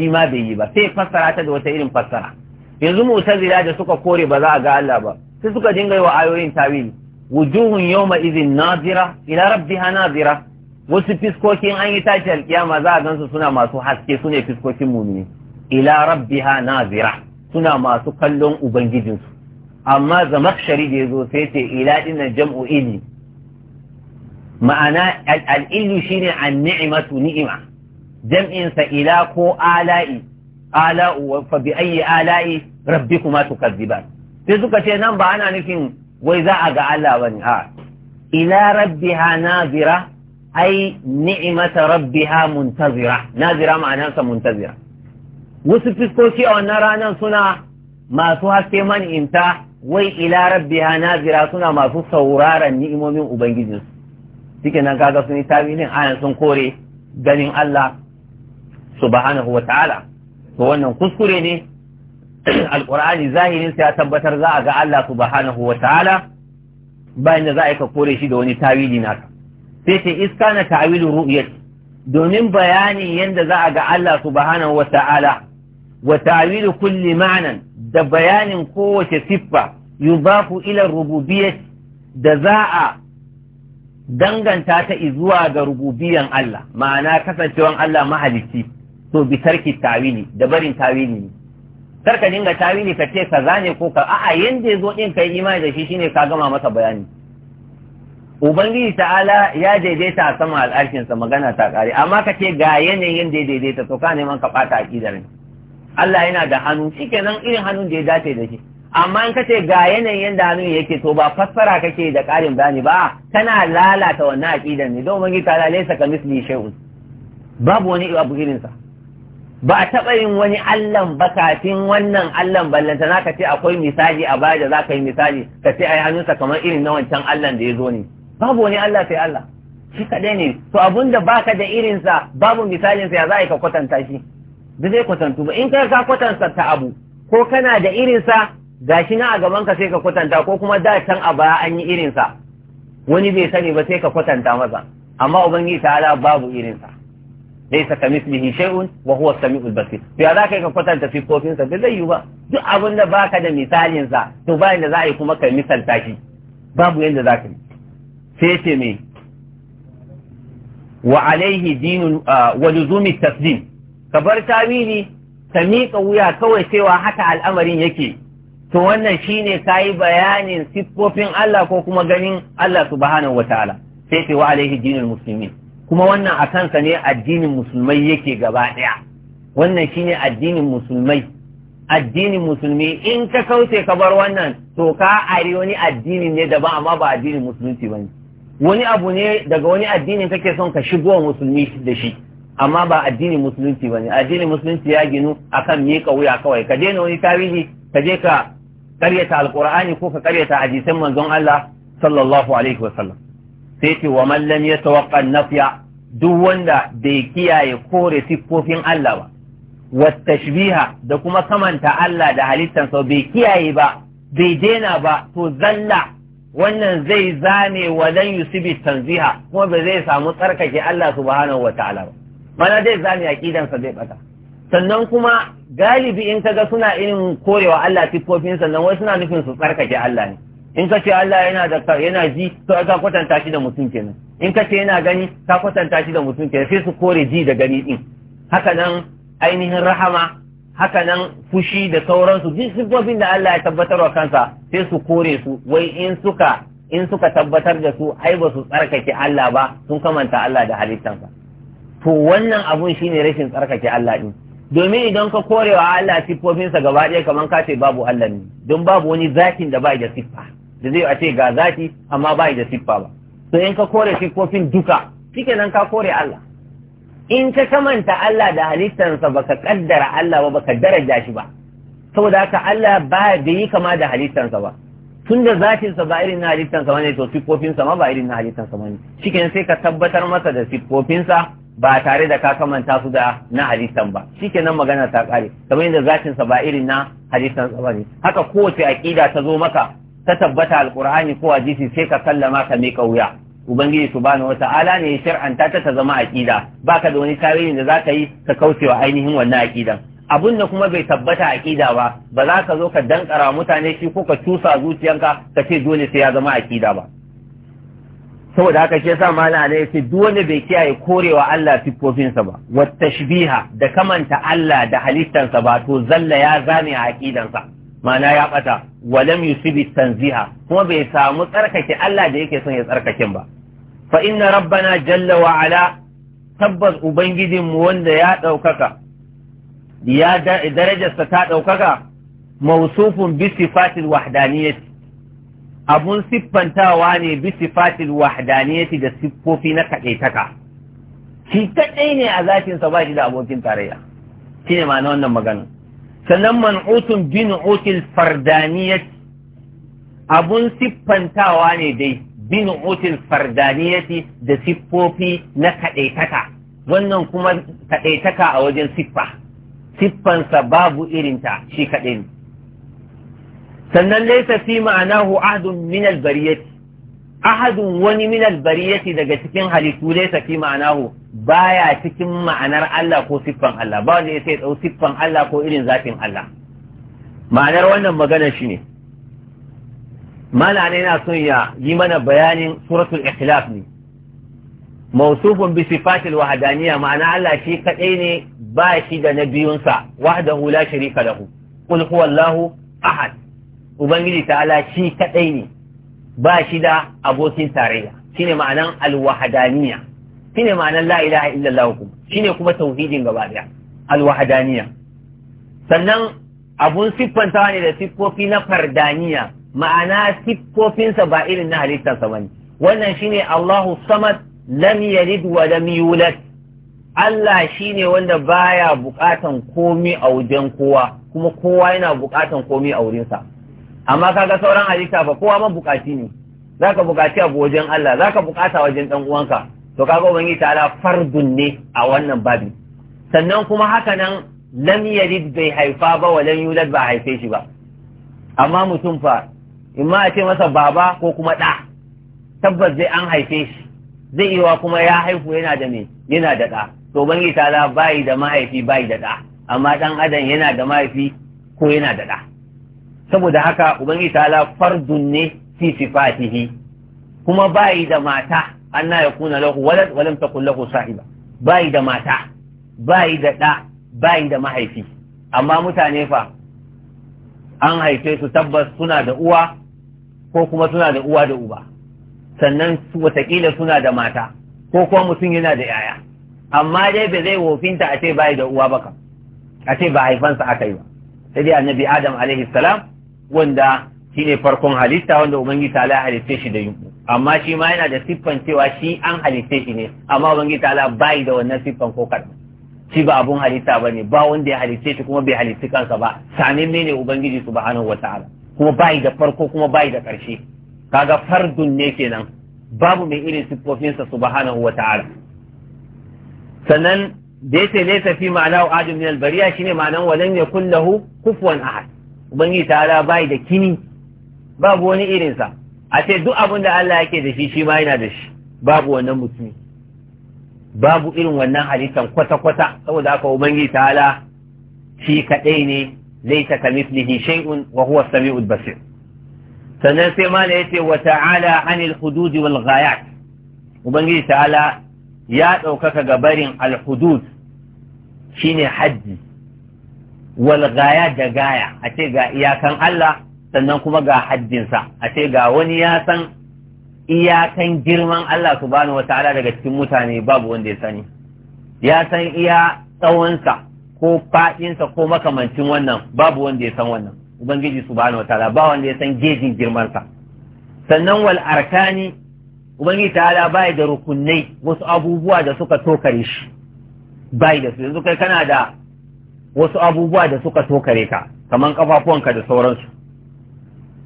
shi ma bai yi ba sai fassara ta da wata irin fassara yanzu mu'tazila da suka kore ba za a ga Allah ba sai suka dinga yi wa ayoyin tawili wujuhun yawma idhin nazira ila rabbiha nazira wasu fiskokin an yi tashi alkiyama za a gansu suna masu haske su ne fiskokin mumini ila rabbiha nazira suna masu kallon ubangijinsu amma zamakshari da ya zo sai ce ila dinnan jam'u ili ma'ana al'ilu shine an ni'imatu ni'ima jam'insa ila ko ala'i ala'u fa bi ayyi ala'i rabbikuma tukadziban sai suka ce nan ba ana nufin wai za a ga Allah bane a ila rabbiha nazira ai ni'mata rabbiha muntazira nazira ma'anarsa muntazira wasu fiskoki a wannan ranar suna masu haske man inta, wai ila rabbiha nazira suna masu sauraron ni'imomin ubangijinsu cikin nan kaga sun yi ne ayan sun kore ganin Allah subhanahu wa ta'ala to wannan kuskure ne [CLEARS THROAT] alqur'ani zahirin sa ya tabbatar za a ga Allah subhanahu wa ta'ala bayan da za a ka kore shi da wani tawili naka sai ce iska na tawilu ru'yat domin bayani yanda za a ga Allah subhanahu wa ta'ala wa tawilu kulli ma'nan da bayanin kowace siffa yubafu ila rububiyyah da za a danganta ta izuwa ga rububiyan Allah ma'ana kasancewan Allah mahalicci to bi tarki tawili da barin tawili ne kar ka dinga tawili ka ce kaza ne ko ka a'a yanda yazo din kai imani da shi shine ka gama masa bayani ubangiji ta'ala ya daidaita a sama al'arshin sa magana ta kare amma ka ce ga yanayin da ya daidaita to ka neman ka fata aqidar ne Allah yana da hannu shikenan irin hannun da ya dace da shi amma in ka ce ga yanayin da hannun yake to ba fassara kake da karin bayani ba kana lalata wannan aqidar ne don ubangiji ta'ala laysa ka misli shay'un babu wani abu sa. ba a taɓa yin wani allan ba kafin wannan allan ballanta na ka ce akwai misali a baya da za ka yi misali ka ce a yi hannunsa kamar irin na wancan allan da ya zo ne babu wani allah sai allah shi kaɗai ne to abun da baka da irinsa babu misalinsa ya za a yi ka kwatanta shi da zai kwatantu ba in kai ka kwatanta ta abu ko kana da irinsa shi na a gaban ka sai ka kwatanta ko kuma da can a baya an yi irinsa wani bai sani ba sai ka kwatanta masa amma ubangiji ta babu irinsa laysa kamithlihi shay'un wa huwa as-sami'ul basir to ya zaka ka kwatanta kofin sa zai yiwu ba duk abin da baka da misalin sa to ba da za a yi kuma ka misalta shi babu yanda zaka yi sai ce me wa alaihi dinun wa luzumi tasdim ka bar tawili ka miƙa wuya kawai cewa haka al'amarin yake to wannan shine kayi bayanin siffofin Allah ko kuma ganin Allah subhanahu wataala sai ce wa alaihi dinul muslimin kuma wannan a kansa ne addinin musulmai yake gaba ɗaya wannan shine addinin musulmai addinin musulmi in ka kauce ka bar wannan to ka ari wani addini ne daban amma ba addinin musulunci ba ne wani abu ne daga wani addinin kake son ka shigo musulmi da shi amma ba addinin musulunci ba ne addinin musulunci ya ginu akan miƙa wuya kawai ka daina wani tarihi ka je ka karyata Alƙur'ani ko ka karyata hadisan manzon Allah sallallahu alaihi wasallam sai ce wa man lam nafiya duk wanda bai kiyaye kore siffofin Allah ba wa da kuma kamanta Allah da halittansa bai kiyaye ba bai daina ba to zalla wannan zai zane wa lan yusibi tanziha kuma ba zai samu tsarkake Allah subhanahu wataala ba mana zai zane aqidansa zai bata sannan kuma galibi in kaga suna irin korewa Allah siffofin sannan wai suna nufin su tsarkake Allah ne in ka ce Allah yana da yana ji to ka kwatanta shi da mutum kenan in ka ce yana gani ka kwatanta shi da mutum kenan sai su kore ji da gani din haka nan ainihin rahama haka nan fushi da sauransu duk siffofin da Allah ya tabbatar wa kansa sai su kore su wai in suka in suka tabbatar da su ai ba su tsarkake Allah ba sun kamanta Allah da halittansa to wannan abun shine rashin tsarkake Allah din domin idan ka korewa Allah siffofinsa gaba ɗaya kamar ka ce babu Allah ne don babu wani zakin da ba da siffa da zai a ce ga zafi amma ba da siffa ba to in ka kore siffofin duka shikenan ka kore Allah in ka kamanta Allah da halittansa baka kaddara Allah ba baka daraja shi ba saboda haka Allah ba da yi kama da halittansa ba tun da zafinsa ba irin na halittansa bane to siffofinsa ma ba irin na halittansa bane shikenan sai ka tabbatar masa da siffofinsa ba tare da ka kamanta su da na halittan ba shikenan magana ta kare kamar yadda zafinsa ba irin na halittansa bane haka kowace aqida ta zo maka ta tabbata alqur'ani ko hadisi sai ka sallama ka mika wuya ubangiji subhanahu wata'ala ne ya shar'anta ta ta zama aqida baka da wani tarihi da zaka yi ka kaucewa ainihin wannan aqidan abun da kuma bai tabbata aqida ba ba za ka zo ka dankara mutane shi ko ka cusa zuciyanka ka ce dole sai ya zama aqida ba saboda haka shi yasa malama ne yace duk wanda bai kiyaye korewa Allah siffofinsa ba wa tashbiha da kamanta Allah da halittansa ba to zalla ya zame a aqidansa ma'ana ya bata walam yusibi tanziha kuma bai samu tsarkake Allah da yake son ya tsarkakin ba fa inna rabbana jalla wa ala tabbas ubangijin mu wanda ya daukaka ya darajarsa ta daukaka mawsufun bi sifatil wahdaniyyati abun siffantawa ne bi sifatil wahdaniyyati da siffofi na kadaitaka shi kadai ne a sa ba shi da abokin tarayya shine ma'ana wannan magana sannan man'utun bin util fardaniyat abun siffantawa ne dai bin util fardaniyati da siffofi na kaɗaitaka wannan kuma kaɗaitaka a wajen siffa siffansa babu irinta shi kaɗai ne sannan laisa fi ma'anahu ahadun min albariyati ahadun wani min albariyati daga cikin halittu laisa fi ma'anahu baya cikin ma'anar Allah ko siffan Allah ba wanda ya sai tsau siffan Allah ko irin zafin Allah ma'anar wannan magana shine malana na son ya yi mana bayanin suratul ikhlas ne mawsufun bi sifatil wahdaniyya ma'ana Allah shi kadai ne ba shi da na biyunsa wahdahu la sharika lahu qul huwallahu ahad ubangiji ta'ala shi kadai ne ba shi da abokin tarayya shine ma'anan alwahadaniya shine ma'anar la ilaha illallah ku shine kuma tauhidin gaba daya alwahadaniya sannan abun siffantawa ne da siffofi na fardaniya ma'ana siffofinsa ba irin na halittarsa bane wannan shine Allahu samad lam yalid wa lam yulad Allah shine wanda baya bukatan komi a wajen kowa kuma kowa yana bukatan komi a wurinsa amma kaga sauran halitta ba kowa ma bukaci ne zaka bukaci abu wajen Allah zaka bukata wajen dan uwanka to kaga ubangiji ta'ala fardun ne a wannan babi sannan kuma haka nan lam yalid bai haifa ba wa lam yulad ba haife shi ba amma mutum fa in ma a ce masa baba ko kuma ɗa tabbas zai an haife shi zai iya kuma ya haihu yana da me yana da ɗa to bangi tala bai da mahaifi bai da ɗa amma ɗan adam yana da mahaifi ko yana da ɗa saboda haka ubangi ala fardun ne fi sifatihi kuma bayi da mata anna yakuna lahu walad wa lam takun lahu sahiba bai da mata bai da da bai da mahaifi amma mutane fa an haife su tabbas suna da uwa ko kuma suna da uwa da uba sannan watakila suna da mata ko kuma mutum yana da yaya amma dai ba zai wofinta a ce bai da uwa ba baka a ce ba haifansa aka yi ba sai dai annabi adam alaihi salam wanda shine farkon halitta wanda ubangiji ta halitta shi da yunku amma shi ma yana da siffan cewa shi an halitta shi ne amma ubangiji ala bai da wannan siffan ko karɓa shi ba abun halitta ba ne ba wanda ya halitta shi kuma bai halitta kansa ba sanin ne ubangiji subhanahu wa ta'ala kuma bai da farko kuma bai da ƙarshe kaga fardun ne kenan babu mai irin siffofinsa subhanahu wa ta'ala sannan da yace laysa fi ma'ana adam min al-bariya shine ma'anan walan yakun lahu kufuwan ahad ubangiji ala bai da kini babu wani irinsa a ce duk abin da Allah yake da shi shi ma yana da shi babu wannan mutumi babu irin wannan halittar kwata-kwata saboda haka ubangiji ta'ala shi kadai ne laita kamithlihi shay'un wa huwa as basir sannan sai mala yace wa ta'ala anil hududi wal ghayat ubangiji ta'ala ya ɗaukaka ga barin al hudud shine haddi wal ghayat da gaya a ce ga iyakan Allah sannan kuma ga haddinsa a ce ga wani ya san iyakan girman Allah subhanahu ta'ala daga cikin mutane babu wanda ya sani ya san iya tsawonsa ko faɗinsa ko makamancin wannan babu wanda ya san wannan ubangiji subhanahu ta'ala ba wanda ya san gejin girmansa sannan wal arkani ubangiji ta'ala bai da rukunai wasu abubuwa da suka tokare shi bai da su yanzu kai kana da wasu abubuwa da suka tokare ka kaman kafafuwanka da sauransu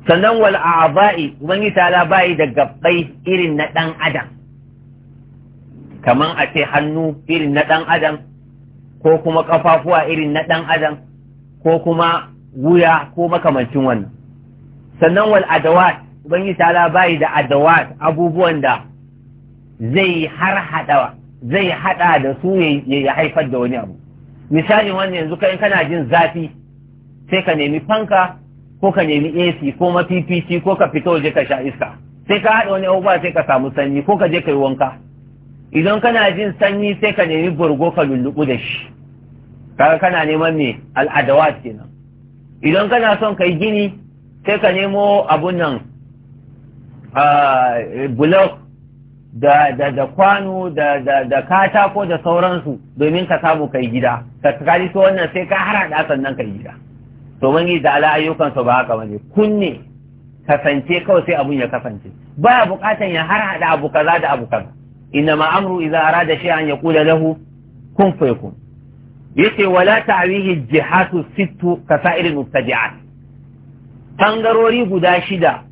sannan wal a'ba'i ubangi ta bayi da gabbai irin na dan adam kaman a ce hannu irin na dan adam ko kuma kafafuwa irin na dan adam ko kuma wuya ko makamancin wannan sannan wal adawat ubangi ta bayi da adawat abubuwan da zai har hadawa zai hada da su ya haifar da wani abu misali wannan yanzu kai kana jin zafi sai ka nemi fanka ko ka nemi AC ko mafifici ko ka fito waje ka sha iska sai ka haɗa wani abubuwa sai ka samu sanyi ko ka je ka yi wanka idan kana jin sanyi sai ka nemi burgo ka lulluɓu da shi kaga kana neman me al'adawa kenan idan kana son ka yi gini sai ka nemo abun nan bulok da, da, da kwano da, da, da katako da sauransu domin ka samu kai gida ka kaji to wannan sai ka harada sannan kai gida to yi da ala su ba haka bane kunne kasance kawai sai abun ya kasance baya bukatan ya har hada abu kaza da abu kaza inma amru idza arada shay'an yaqula lahu kun fayakun yace wala ta'wihi jihatu sittu kasa'ir mubtadi'at tangarori guda shida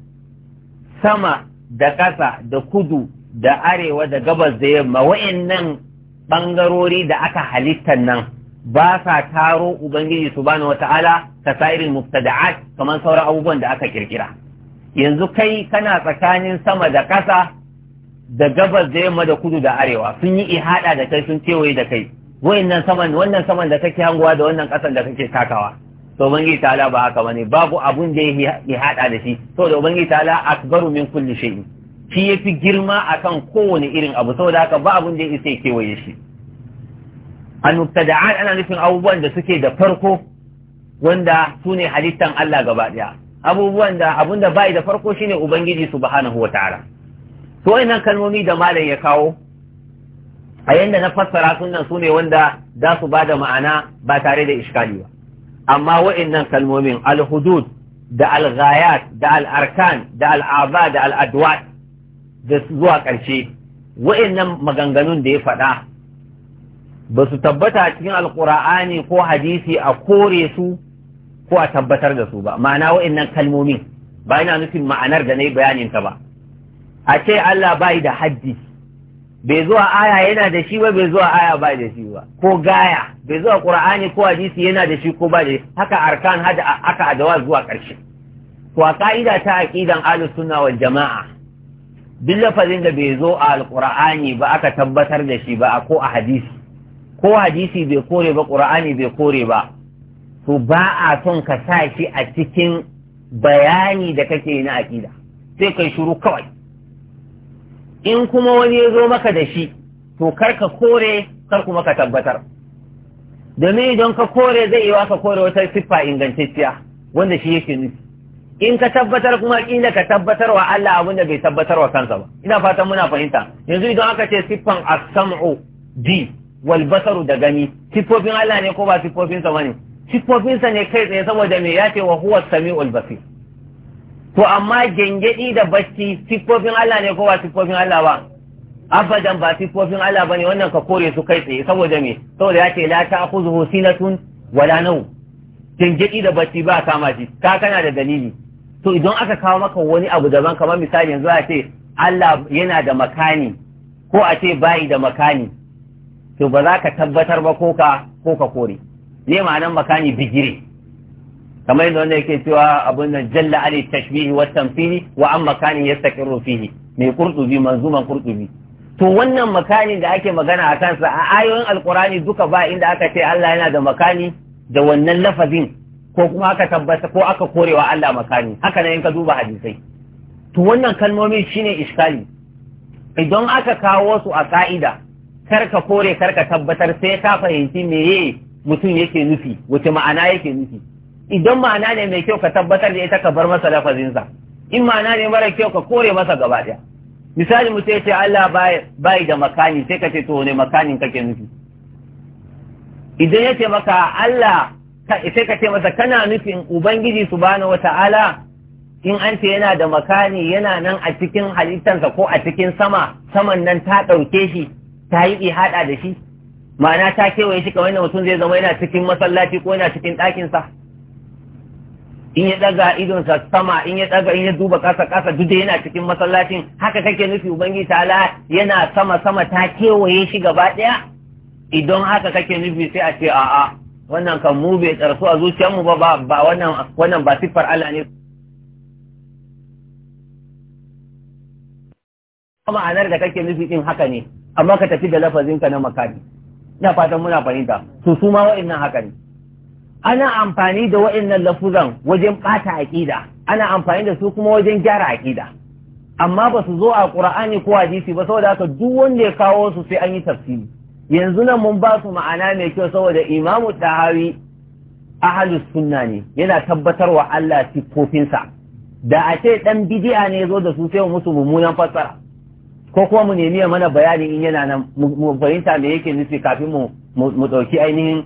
sama da ƙasa da kudu da arewa da gabas da yamma wa'annan bangarori da aka halittan nan ba sa taro ubangiji subhanahu ta’ala ta sa'irin mubtada'at kamar sauran abubuwan da aka kirkira yanzu kai kana tsakanin sama da kasa da gabas da yamma da kudu da arewa sun yi ihada da kai sun kewaye da kai wayannan saman wannan saman da kake hangowa da wannan kasan da kake takawa to ubangiji ta'ala ba haka bane babu abun da ya ihada da shi saboda ubangiji ta'ala akbaru min kulli shay'in shi yafi girma akan kowane irin abu saboda haka ba abun da ya isa kewaye shi al-mubtada'at ana nufin abubuwan da suke da farko wanda su ne halittan Allah gaba daya abubuwan da abun da bai da farko shine ubangiji subhanahu wataala to wayannan kalmomi da malam ya kawo a yanda na fassara sunan su ne wanda za su ba da ma'ana ba tare da iskali ba amma wayannan kalmomin al-hudud da al-ghayat da al-arkan da al-aba da al-adwat da zuwa ƙarshe wa'annan maganganun da ya faɗa ba su tabbata cikin alkur'ani ko hadisi a kore su ko a tabbatar da su ba ma'ana wa'annan kalmomin ba yana nufin ma'anar da na yi bayanin ta ba a ce Allah bai da haddi bai zuwa aya yana da shi ba bai zuwa aya bai da shi ba ko gaya bai zuwa qur'ani ko hadisi yana da shi ko ba da haka arkan hada aka adawa zuwa karshe to a ka'ida ta aqidan ahlus sunna wal jama'a duk lafazin da bai zo a alqur'ani ba aka tabbatar da shi ba ko a hadisi ko hadisi bai kore ba qur'ani bai kore ba to ba a son ka sa shi a cikin bayani da kake na aƙida sai kai shiru kawai in kuma wani ya zo maka da shi to kar ka kore kar kuma ka tabbatar domin idan ka kore zai yiwa ka kore wata siffa ingantacciya wanda shi yake nufi in ka tabbatar kuma kila ka tabbatar wa Allah abin da bai tabbatar wa kansa ba ina fatan muna fahimta yanzu idan aka ce siffan as-sam'u di Walbasaru da gani sifofin Allah ne ko ba sifofinsa ba ne? Sifofinsa ne kai tsaye saboda me ya ce wa huwa samiul basir to amma gengedi da bacci sifofin Allah ne ko ba sifofin Allah ba abadan ba sifofin Allah bane wannan ka kore su kai tsaye saboda me saboda ya ce la sinatun wala nawm gengedi da bacci ba kama shi ka kana da dalili to idan aka kawo maka wani abu daban kamar misali yanzu a ce Allah yana da makani ko a ce bai da makani to ba za ka tabbatar ba ko ka ko ka kore ne ma'anan makani bigire kamar yadda wanda yake cewa abin nan jalla ali tashbihi wa tamthili wa an makani yastaqirru fihi mai qurtubi manzuman qurtubi to wannan makani da ake magana a kansa a ayoyin alkurani duka ba inda aka ce Allah yana da makani da wannan lafazin ko kuma aka tabbata ko aka korewa Allah makani haka nan in ka duba hadisai to wannan kalmomi shine iskali idan aka kawo su a ka'ida karka kore karka tabbatar sai ka fahimci meye mutum yake nufi wace ma'ana yake nufi idan ma'ana ne mai kyau ka tabbatar da ita ka bar masa lafazinsa in ma'ana ne mara kyau ka kore masa gaba daya misali mutum ya ce Allah bai da makani sai ka ce to ne makanin kake nufi idan yake maka Allah sai ka ce masa kana nufin ubangiji subhanahu wata'ala in an ce yana da makani yana nan a cikin halittansa ko a cikin sama saman nan ta ɗauke shi ta yi ihada da shi ma'ana ta kewaye shi kamar mutum zai zama yana cikin masallaci ko yana cikin ɗakinsa in ya ɗaga sa sama in ya ɗaga in ya duba ƙasa ƙasa duk da yana cikin masallacin haka kake nufi ubangiji ta'ala yana sama sama ta kewaye shi gaba ɗaya idan haka kake nufi sai a ce a'a wannan kan mu bai tsarsu a zuciyarmu ba ba wannan wannan ba siffar Allah ne ma'anar da kake nufi din haka ne amma ka tafi da lafazin ka na makani ina fatan muna fahimta su su ma wa'annan haka ne ana amfani da wa'annan lafuzan wajen bata aqida ana amfani da su kuma wajen gyara aqida amma ba su zo a qur'ani ko hadisi ba saboda haka duk wanda ya kawo su sai an yi tafsiri yanzu nan mun ba su ma'ana mai kyau saboda imamu tahawi ahlus sunna ne yana wa Allah sifofinsa da a ce dan bid'a ne zo da su sai musu mummunan fassara ko kuma mu nemi mana bayani in yana nan mu fahimta me yake nufi kafin mu mu dauki ainihin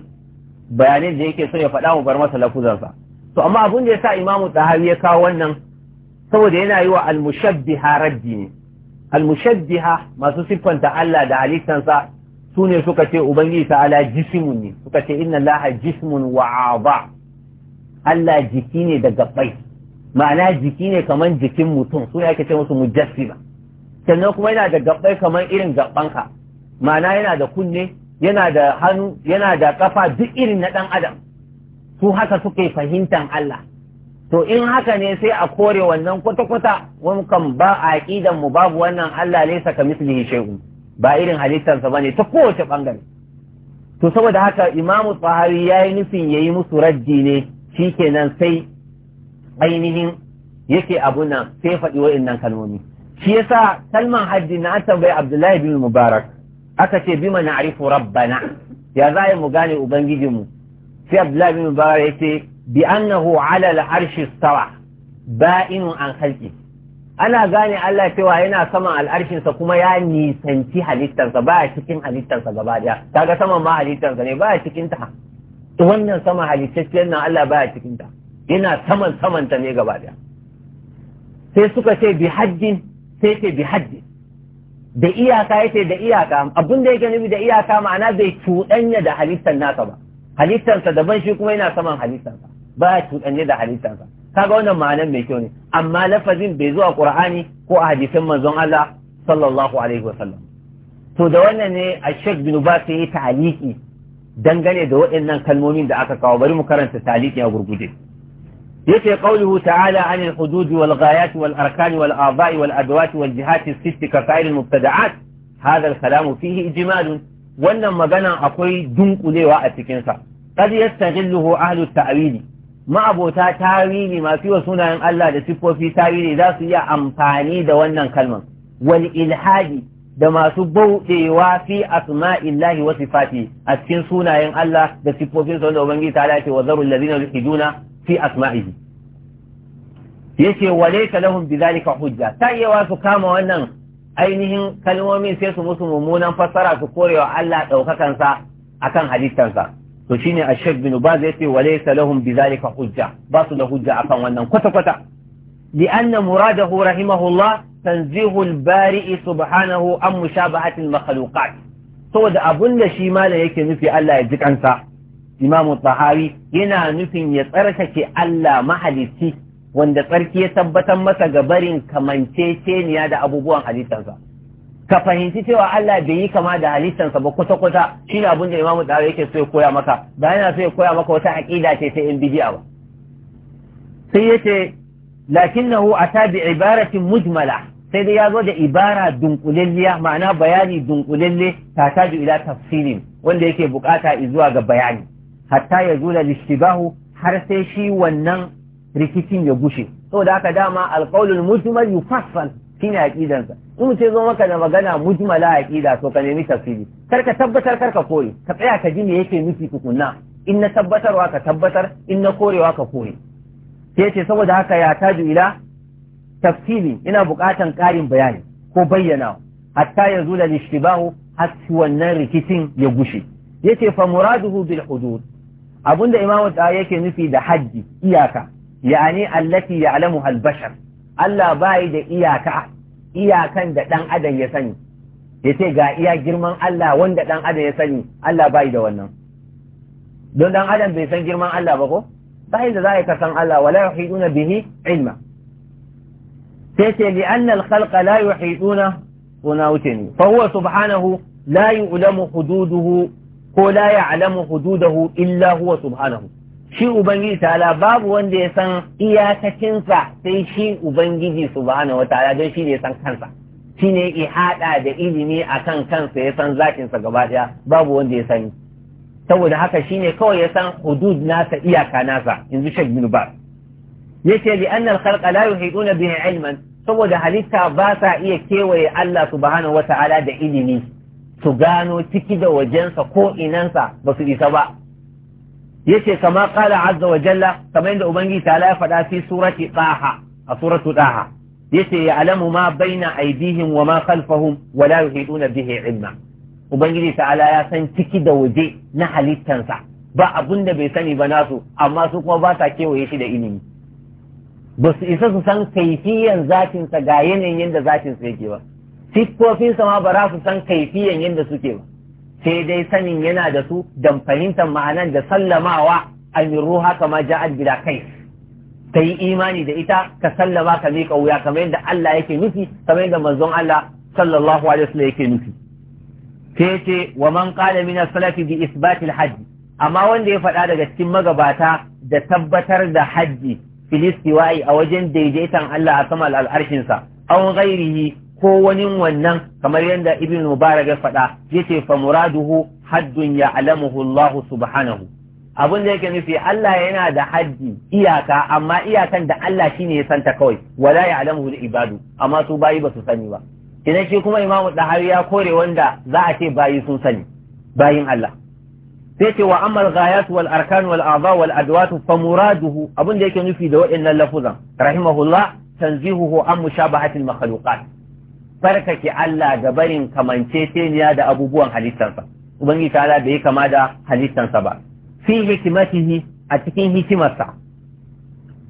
bayanin da yake so ya faɗa mu bar masa lafuzansa to amma abun da yasa imamu tahawi ya kawo wannan saboda yana yi wa almushabbiha raddi ne almushabbiha masu siffanta Allah da halittansa su ne suka ce ubangiji ala jismun ne suka ce inna laha jismun wa'aba Allah jiki ne da gabbai ma'ana jiki ne kaman jikin mutum su ne ake ce musu mujassima sannan kuma yana da gabbai kamar irin gabbanka ma'ana yana da kunne yana da hannu yana da kafa duk irin na dan adam su haka suke fahimtan Allah to in haka ne sai a kore wannan kwata-kwata wani kan ba a aƙidan mu babu wannan Allah ne saka mislihi shay'un ba irin halittarsa bane ta kowace bangare to saboda haka imamu tsahari ya yi nufin ya yi musu raddi ne shikenan sai ainihin yake abun nan sai faɗi wa'innan kalmomi shi yasa kalman hajji na an tambayi abdullahi bin mubarak aka ce bima na arifu rabbana ya za mu gane ubangijinmu sai abdullahi bin mubarak ya ce bi annahu ala al'arshi stawa ba'inun an halki ana gane Allah cewa yana saman sa kuma ya nisanci halittarsa baya cikin halittarsa gaba daya kaga saman ma halittarsa ne baya cikin ta wannan sama halittacciyar nan Allah baya cikin ta yana saman saman ta ne gaba daya sai suka ce bi hajjin sai ce bi haddi da iyaka yace da iyaka abin da yake nufi da iyaka ma'ana bai cuɗanya da halittar nasa ba halittarsa daban shi kuma yana saman halittarsa ba ya cuɗanya da halittarsa kaga wannan ma'anar mai kyau ne amma lafazin bai zuwa qur'ani ko a hadisin manzon Allah sallallahu alaihi wasallam to da wannan ne a Sheikh bin ba ya yi ta'aliki dangane da waɗannan kalmomin da aka kawo bari mu karanta ta'aliki a gurguje يتي قوله تعالى عن الحدود والغايات والأركان والآضاء والأدوات والجهات الست كفائر المبتدعات هذا الكلام فيه إجمال وأن مغانا أقوي دنك ليوا أتكنسا قد يستغله أهل التأويل ما أبو تا تاويل ما في وسنة أن الله لسفو في تاويل ذا سيا أمفاني دوانا كلمة والإلحاد da masu bauɗewa fi asma'illahi wa sifati a cikin sunayen Allah da siffofin sa wanda Ubangiji ta dace wa zarul ladina yuhiduna fi asma'ihi yace walaysa lahum bidhalika hujja ta iya su kama wannan ainihin kalmomin sai su musu mummunan fassara su korewa Allah daukakan sa akan halittar sa to shine Ashab bin Baz yace walaysa lahum bidhalika hujja ba su da hujja akan wannan kwata kwata لأن مراده رحمه الله تنزيه البارئ سبحانه عن مشابهة المخلوقات saboda abun da shi malam yake nufi Allah ya ji kansa imamu tahawi yana nufin ya tsarkake Allah mahalicci wanda tsarki ya tabbatar masa ga barin kamanceceniya da abubuwan halittarsa ka fahimci cewa Allah bai yi kama da halittarsa ba kwata kwata shine abin da imamu tahawi yake so ya koya maka ba yana so ya koya maka wata aqida ce ta yan bidi'a ba sai yace lakinnahu ata bi ibaratin mujmala sai dai ya zo da ibara dunkulalliya ma'ana bayani dunkulalle ta taju ila tafsirin wanda yake bukata izuwa ga bayani hatta ya zula lishtibahu har sai shi wannan rikicin ya gushe saboda haka dama alqaulul mujmal yufassal shine sa in mutum zo maka da magana mujmala aqida to ka nemi tafsiri kar ka tabbatar kar ka kore ka tsaya ka ji me yake nufi tukunna in na tabbatarwa ka tabbatar in na korewa ka kore sai ce saboda haka ya taju ila tafsili ina buƙatan ƙarin bayani ko bayyana hatta ya zula lishtibahu har wannan rikicin ya gushe yace fa muraduhu bil hudud abinda imamu ta yake nufi da hajji iyaka yani allati ya'lamu al bashar Allah bai da iyakan da dan adam ya sani yace ga iya girman Allah wanda dan adam ya sani Allah bai da wannan don dan adam bai san girman Allah ba ko bai da zai ka san Allah wala yuhiduna bihi ilma sai ce khalqa ne subhanahu layi ulamu hududuhu ko la ya'lamu hududahu illa huwa subhanahu shi ubangiji ta'ala babu wanda ya san iyakacinsa sai shi ubangiji subhanahu ta'ala don shi ne san kansa shi ne ihada da ilimi akan kansa ya san zakinsa gaba daya babu wanda ya sani saboda haka shi ne kawai ya san hudud nasa iyaka nasa yanzu shek bin ba yace li anna al la yuhiduna bihi ilman saboda halitta ba sa iya kewaye Allah subhanahu ta'ala da ilimi su gano ciki da wajensa ko inansa ba su isa ba yace kama qala azza wa jalla kamar yadda ubangiji ta ya faɗa fi surati taha a suratu taha yace ya'lamu ma baina aydihim wa ma khalfahum wa la yuhiduna bihi ilma ubangiji ta ya san ciki da waje na halittansa ba abun da bai sani ba nasu amma su kuma ba sa kewaye shi da ilimi ba su isa su san kaifiyan zatinsa ga yanayin yadda zatinsa yake ba sikofinsa ma ba za su san kaifiyan yadda suke ba sai dai sanin yana da su dan fahimtar ma'anan da sallamawa miru haka ma kama an gida kai ka yi imani da ita ka sallama ka miƙa wuya kamar yadda Allah yake nufi kamar yadda manzon Allah sallallahu alaihi wasallam yake nufi sai ce wa man qala min as-salati bi isbat al amma wanda ya faɗa daga cikin magabata da tabbatar da hajji filistiwa'i a wajen daidaitan Allah a sama al'arshinsa aw ghairihi ko wani wannan kamar yadda ibn mubarak ya faɗa yace fa muraduhu haddun ya'lamuhu Allah subhanahu abin da yake nufi Allah yana da haddi iyaka amma iyakan da Allah shine ya santa kawai wala ya'lamuhu ibadu amma su bayi ba su sani ba idan ke kuma imamu dahari ya kore wanda za a ce bayi sun sani bayin Allah sai ce wa amal ghayat wal arkan wal a'dha wal adwat fa muraduhu abin da yake nufi da waɗannan lafuzan rahimahullah tanzihuhu an mushabahatil makhluqat barkake Allah da barin kamance kamanceceniya da abubuwan halittarsa ubangiji ta'ala bai kama da halittarsa ba fi hikimatihi a cikin hikimarsa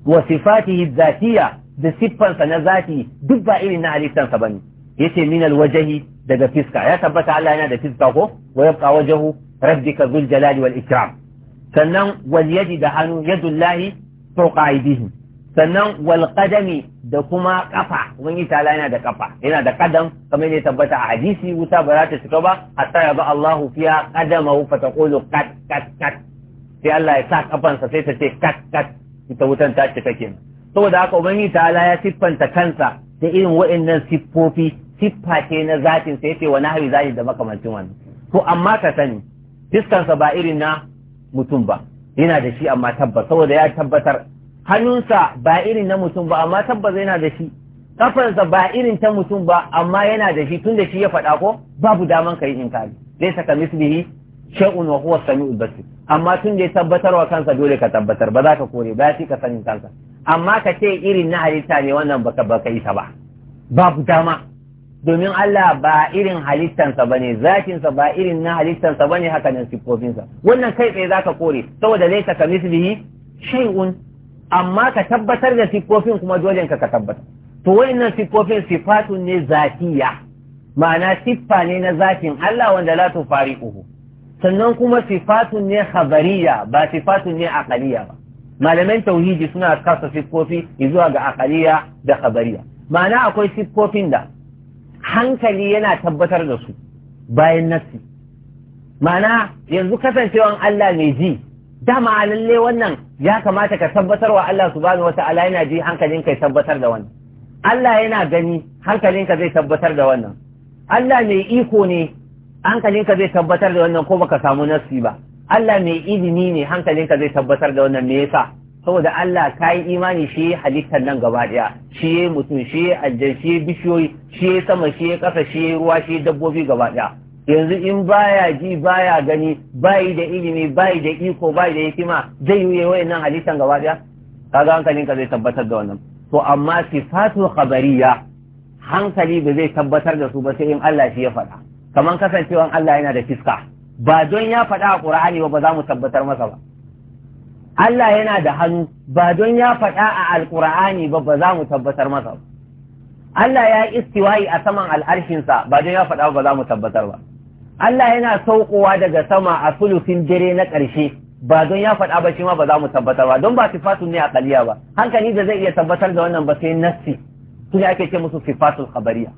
wa sifatihi zatiya da siffansa na zati duk ba irin na halittarsa Ya yace minal wajahi daga fiska ya tabbata Allah yana da fiska ko wa yabqa wajhu rabbika dhul jalali wal ikram sannan wal yadi da hannu yadullahi fawqa aydihi sannan wal qadami da kuma kafa wani yana da kafa yana da kadam kamar ne tabbata a hadisi wuta ba za ta shiga ba hatta ya ba Allahu fiya qadamahu fa taqulu kat kat kat sai Allah ya sa kafansa sai ta ce kat kat ita wutan ta ce take saboda haka ubangiji ta'ala ya siffanta kansa da irin wa'annan siffofi siffa ce na zatin sai ce wa nahwi zati da makamancin wannan to amma ka sani fiskansa ba irin na mutum ba yana da shi amma tabbas saboda ya tabbatar hannunsa ba irin na mutum ba amma tabbas yana da shi kafansa ba irin ta mutum ba amma yana da shi tun da shi ya faɗa ko babu daman ka yi inkari zai saka mislihi shay'un wa huwa sami'u basir amma tun da ya tabbatar wa kansa dole ka tabbatar ba za ka kore ba ya ka sanin kansa amma ka ce irin na halitta ne wannan baka baka yi ta ba babu dama domin Allah ba irin halittansa ba ne zakinsa ba irin na halittansa ba ne haka nan siffofinsa wannan kai tsaye za ka kore saboda zai ka mislihi shay'un amma ka tabbatar da siffofin kuma dole ka ka tabbata to wayannan siffofin sifatu ne zatiya ma'ana siffa ne na zatin Allah wanda la fariquhu sannan kuma sifatu ne khabariya ba sifatu ne aqaliya ba malaman tauhidi suna kasa siffofi zuwa ga aqaliya da khabariya ma'ana akwai siffofin da hankali yana tabbatar da su bayan nassi ma'ana yanzu kasancewan Allah mai ji dama lalle wannan ya kamata ka tabbatar wa Allah su subhanahu ala yana ji hankalin kai tabbatar da wannan Allah yana gani hankalinka zai tabbatar da wannan Allah mai iko ne hankalinka zai tabbatar da wannan ko baka samu nasi ba Allah mai izini ne hankalinka zai tabbatar da wannan me yasa saboda Allah kayi imani shi ya halittar nan gaba ɗaya shi ya mutum shi ya aljan shi ya bishiyoyi shi ya sama shi ya ƙasa shi ya ruwa shi ya dabbobi gaba ɗaya yanzu in baya ji baya gani bayi da ilimi bayi da iko bayi da hikima zai yi nan halittan gaba daya kaga ka zai tabbatar da wannan to amma sifatu khabariya hankali ba zai tabbatar da su ba sai in Allah shi ya faɗa kamar kasancewan Allah yana da fiska ba don ya faɗa a Qur'ani ba ba za mu tabbatar masa ba Allah yana da hannu ba don ya faɗa a Al-Qur'ani ba ba za mu tabbatar masa ba Allah ya istiwayi a saman al'arshinsa ba don ya faɗa ba za mu tabbatar ba Allah yana saukowa daga sama a sulufin dare na ƙarshe ba don ya faɗa ba shi ma ba za mu tabbatar ba don ba sifatun ne a ƙaliya ba hankali da zai iya tabbatar da wannan ba sai nassi su ake ce musu sifatul khabariya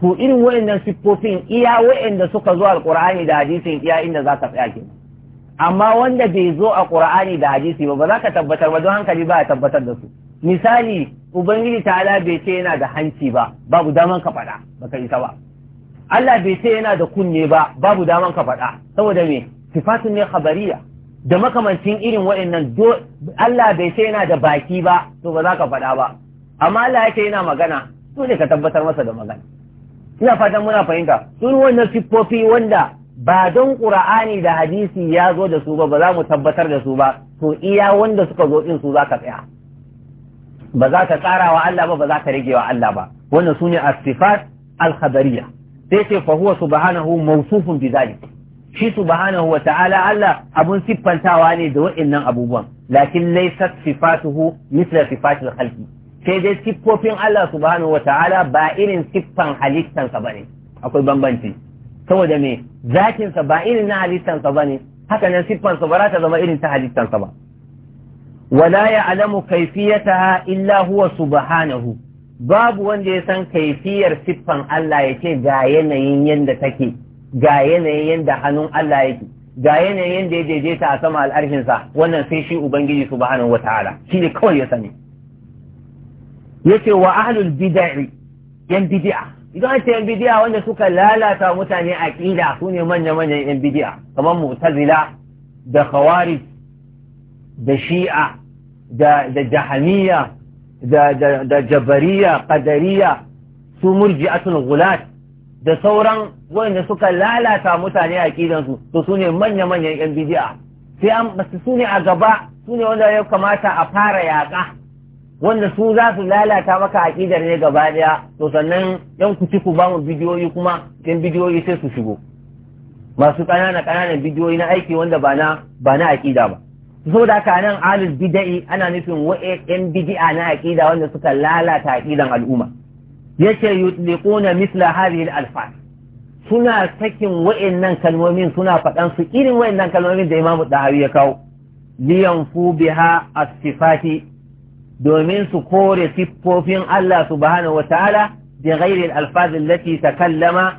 to irin wayannan siffofin iya wayanda suka zo alqur'ani da hadisin iya inda zaka tsaya ke amma wanda bai zo a qur'ani da hadisi ba ba za ka tabbatar ba don hankali ba ya tabbatar da su misali ubangiji ta'ala bai ce yana da hanci ba babu daman ka faɗa ka isa ba Allah bai ce yana da kunne ba babu daman ka faɗa saboda me sifatun ne khabariya da makamancin irin waɗannan Allah bai ce yana da baki ba to ba za ka faɗa ba amma Allah yake yana magana ne ka tabbatar masa da magana ina fatan muna fahimta sun wannan sifofi wanda ba don ƙura'ani da hadisi ya zo da su ba ba za mu tabbatar da su ba to iya wanda suka zo din su za ka tsaya ba za ka tsara wa Allah ba ba za ka rage wa Allah ba wannan sune as-sifat al-khabariyah sai ce fa su subhanahu mawsufun mausufin zalik shi subhanahu wa ta'ala Allah abun siffantawa ne da waɗannan abubuwan lakin laysat sifatuhu misla sifatil khalqi sai dai siffofin Allah subhanahu wa ta'ala ba irin siffan halittansa ne. akwai bambanci saboda me zakinsa ba irin na halittansa ne? haka nan siffansa ba za ta zama irin ta halittansa ba wala ya'lamu kayfiyataha illa huwa subhanahu babu wanda ya san kaifiyar siffan Allah ya ce ga yanayin yadda take ga yanayin yadda hannun Allah yake ga yanayin yadda ya daidaita a sama al'arshinsa wannan sai shi ubangiji su subhanahu wataala shi ne kawai ya sani Ya ce wa ahlul bid'i yan bid'a idan ce yan bidi'a wanda suka lalata mutane a ƙila. su ne manya manyan yan bidi'a kamar mu'tazila da khawarij da shi'a da da da jabariya qadariya su murji'atul gulat da sauran wanda suka lalata mutane a kidansu to su ne manya-manyan yan bidi'a sai an basu su ne a gaba su ne wanda ya kamata a fara yaƙa wanda su za su lalata maka aƙidar ne gaba ɗaya to sannan yan kuci ku ba mu bidiyoyi kuma yan bidiyoyi sai su shigo masu ƙananan ƙananan bidiyoyi na aiki wanda ba na ba na aƙida ba so da ka nan alul bida'i ana nufin 'yan bidi'a na aqida wanda suka lalata aqidan al'umma yace yutliquna misla hadhihi al-alfaz suna sakin wa'annan kalmomin suna faɗan su irin wa'annan kalmomin da Imam Dahawi ya kawo liyan fu biha as-sifati domin su kore siffofin Allah subhanahu wataala bi ghairi al-alfaz allati takallama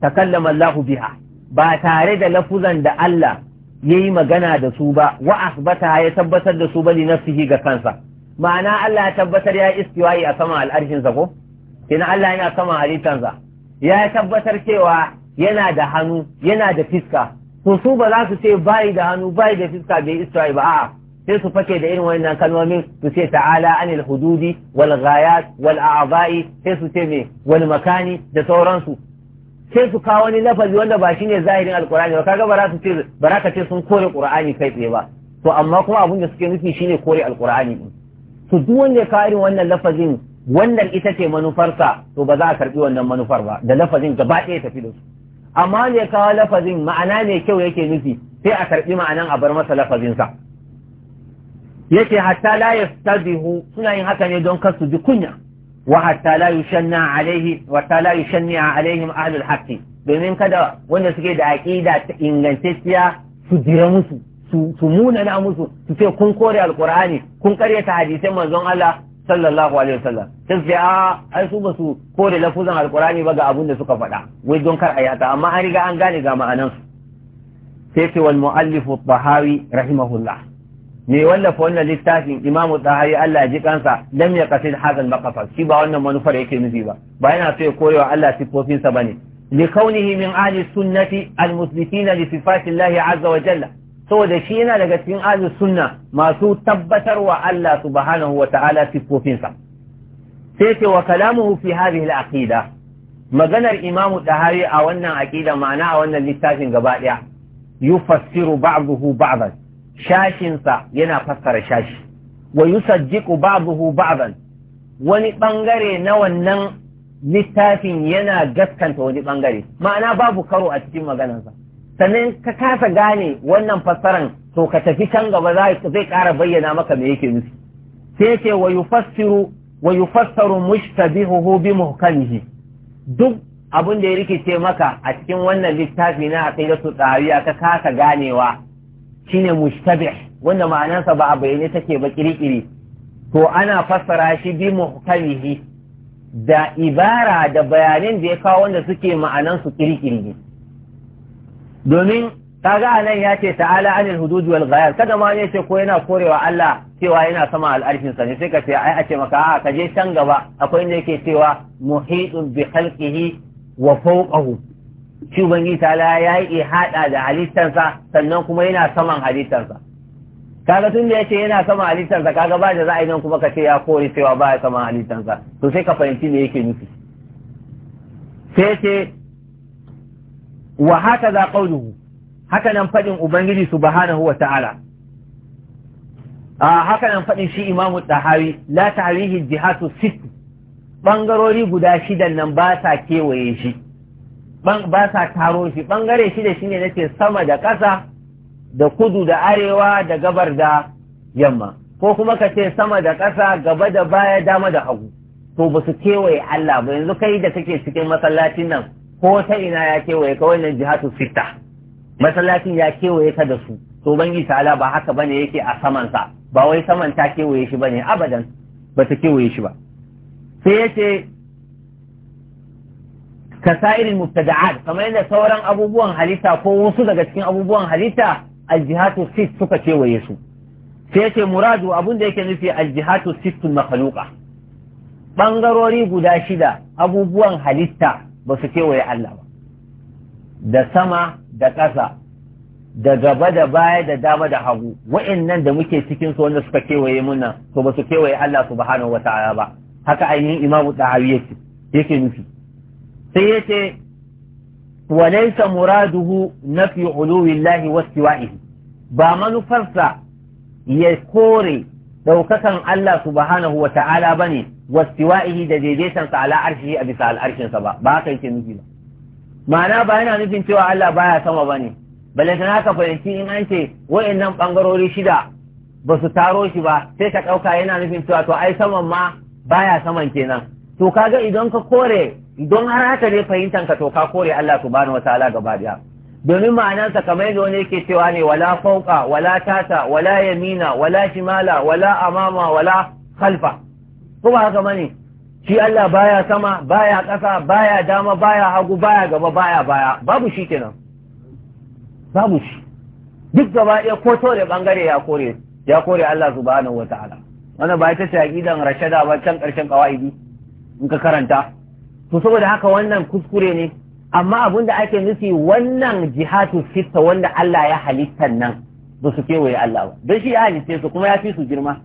takallama Allah biha ba tare da lafuzan da Allah Ya yi magana da su ba wa asbata ya tabbatar da su ba bali nafsihi ga kansa ma'ana Allah ya tabbatar ya istiwayi a sama al'arshin sa ko kina Allah yana sama halittansa ya tabbatar cewa yana da hannu yana da fiska to su ba za su ce bai da hannu bai da fiska bai istiwayi ba a'a sai su fake da irin wannan kalmomin su ce ta'ala anil hududi wal ghayat wal a'dha'i sai su ce me wal makani da sauransu sai su kawo wani lafazi wanda ba shi ne zahirin alkur'ani ba kaga ba su ce ba ka ce sun kore qur'ani kai tsaye ba to amma kuma abin da suke nufi shine kore alkur'ani din to duk wanda ya wannan lafazin wannan ita ce manufarsa to ba za a karbi wannan manufar ba da lafazin gaba ɗaya tafi da su amma ne kawo lafazin ma'ana ne kyau yake nufi sai a karbi ma'anan a bar masa lafazin sa yake hatta la yastabihu suna yin haka ne don kar su ji kunya وحتى لا يشنع عليه وحتى لا يشنع عليهم أهل الحق domin kada wanda suke da aƙida ta ingantacciya su jira musu su munana musu su ce kun kore alkur'ani kun karyata hadisan manzon Allah sallallahu alaihi wasallam sai su a ai su ba su kore lafuzan Alƙurani ba ga abin da suka faɗa wai don kar ayata amma an riga an gane ga ma'anan su sai ce wal mu'allifu tahawi rahimahullah Mai wallafa wannan littafin imamu tsahari Allah ji kansa lam ya kasir hazal maqafa shi ba wannan manufar yake nufi ba ba yana so ya korewa Allah sifofin sa bane li kaunihi min ahli sunnati al muslimin li sifati Allah azza wa jalla saboda shi yana daga cikin ahli sunna masu tabbatarwa Allah subhanahu wa ta'ala sifofin sa sai ce wa kalamuhu fi hadhihi al aqida maganar imamu tsahari a wannan aqida ma'ana a wannan littafin gaba daya yufassiru ba'dahu ba'dan shashinsa yana fassara shashi wa yusajjiqu ba'dahu ba'dan wani bangare na wannan littafin yana gaskanta wani bangare ma'ana babu karo a cikin maganarsa sannan ka kasa gane wannan fassaran to ka tafi can gaba zai ƙara bayyana maka me yake nufi sai ce wa yufassiru wa yufassaru mushtabihuhu bi muhkamihi duk abin da ya rikice maka a cikin wannan littafi na aqidatu tsariya ka kasa ganewa shine mushtabih wanda ma'anarsa ba a bayyane take ba kirikiri to ana fassara shi bi muhkamihi da ibara da bayanin da ya kawo wanda suke ma'anansu kirikiri ne domin kaga anan ya ce ta'ala anil hudud wal ghayar kada ma ne ce ko yana korewa Allah cewa yana sama al'arshin sa ne sai ka ce ai a ce maka a ka je can gaba akwai inda yake cewa muhitun bi khalqihi wa fawqahu shi ubangiji ta'ala ya yi ihada da halittarsa sannan kuma yana saman halittarsa kaga tun da ce yana saman halittarsa kaga ba da za a yi nan kuma ka ce ya kore cewa ba ya saman halittarsa to sai ka fahimci me yake nufi sai ce wa haka za qauluhu haka nan fadin ubangiji subhanahu wa ta'ala haka nan fadin shi imamu tahawi la tahrihi jihatu sit bangarori guda shidan nan ba sa kewaye shi ba sa taro shi bangare shida shine ce sama da ƙasa da kudu da arewa da gabar da yamma ko kuma ka ce sama da ƙasa gaba da baya dama da hagu to ba su kewaye Allah ba yanzu kai da kake cikin masallacin nan ko ta ina ya kewaye ka wannan jihatu sita masallacin ya kewaye ka da su to ban yi ta'ala ba haka bane yake a samansa ba wai saman ta kewaye shi bane abadan ba ta kewaye shi ba sai yace Ka sa'irin mubtada'at kamar yadda sauran abubuwan halitta ko wasu daga cikin abubuwan halitta aljihatu sit suka kewaye su sai yace muradu abun da yake nufi aljihatu sittul makhluqa bangarori guda shida abubuwan halitta ba su kewaye Allah ba da sama da ƙasa da gaba da baya da dama da hagu wa'annan da muke cikin su wanda suka kewaye mun nan to ba su kewaye Allah subhanahu wata'ala ba haka ainihin imamu dahawi yake nufi sai ya ce walaisa muraduhu nafi uluwillahi wastiwa'ihi ba manufarsa ya kore ɗaukakan Allah subhanahu wa ta'ala ba ne wastiwa'ihi da sa ala arshi a bisa al'arshinsa ba ba haka yake nufi ba ma'ana ba yana nufin cewa Allah baya sama ba ne balantana ka fahimci in an ce wa'annan ɓangarori shida ba su taro shi ba sai ka ɗauka yana nufin cewa to ai saman ma baya saman kenan to kaga idan ka kore don har haka ne fahimtan ka toka kore Allah subhanahu wataala gaba daya domin ma'anarsa kamar yadda wani yake cewa ne wala fauka wala tata wala yamina wala shimala wala amama wala khalfa ko ba haka bane shi Allah baya sama baya ƙasa baya dama baya hagu baya gaba baya baya babu shi kenan babu shi duk gaba ɗaya ko tore bangare ya kore ya kore Allah subhanahu ala. wannan ba ita ce aqidan rashada ba can ƙarshen qawaidi in ka karanta to saboda haka wannan kuskure ne amma abin da ake nufi wannan jihatu sitta wanda Allah ya halitta nan ba su kewaye Allah ba dan shi ya halitta su kuma ya fi su girma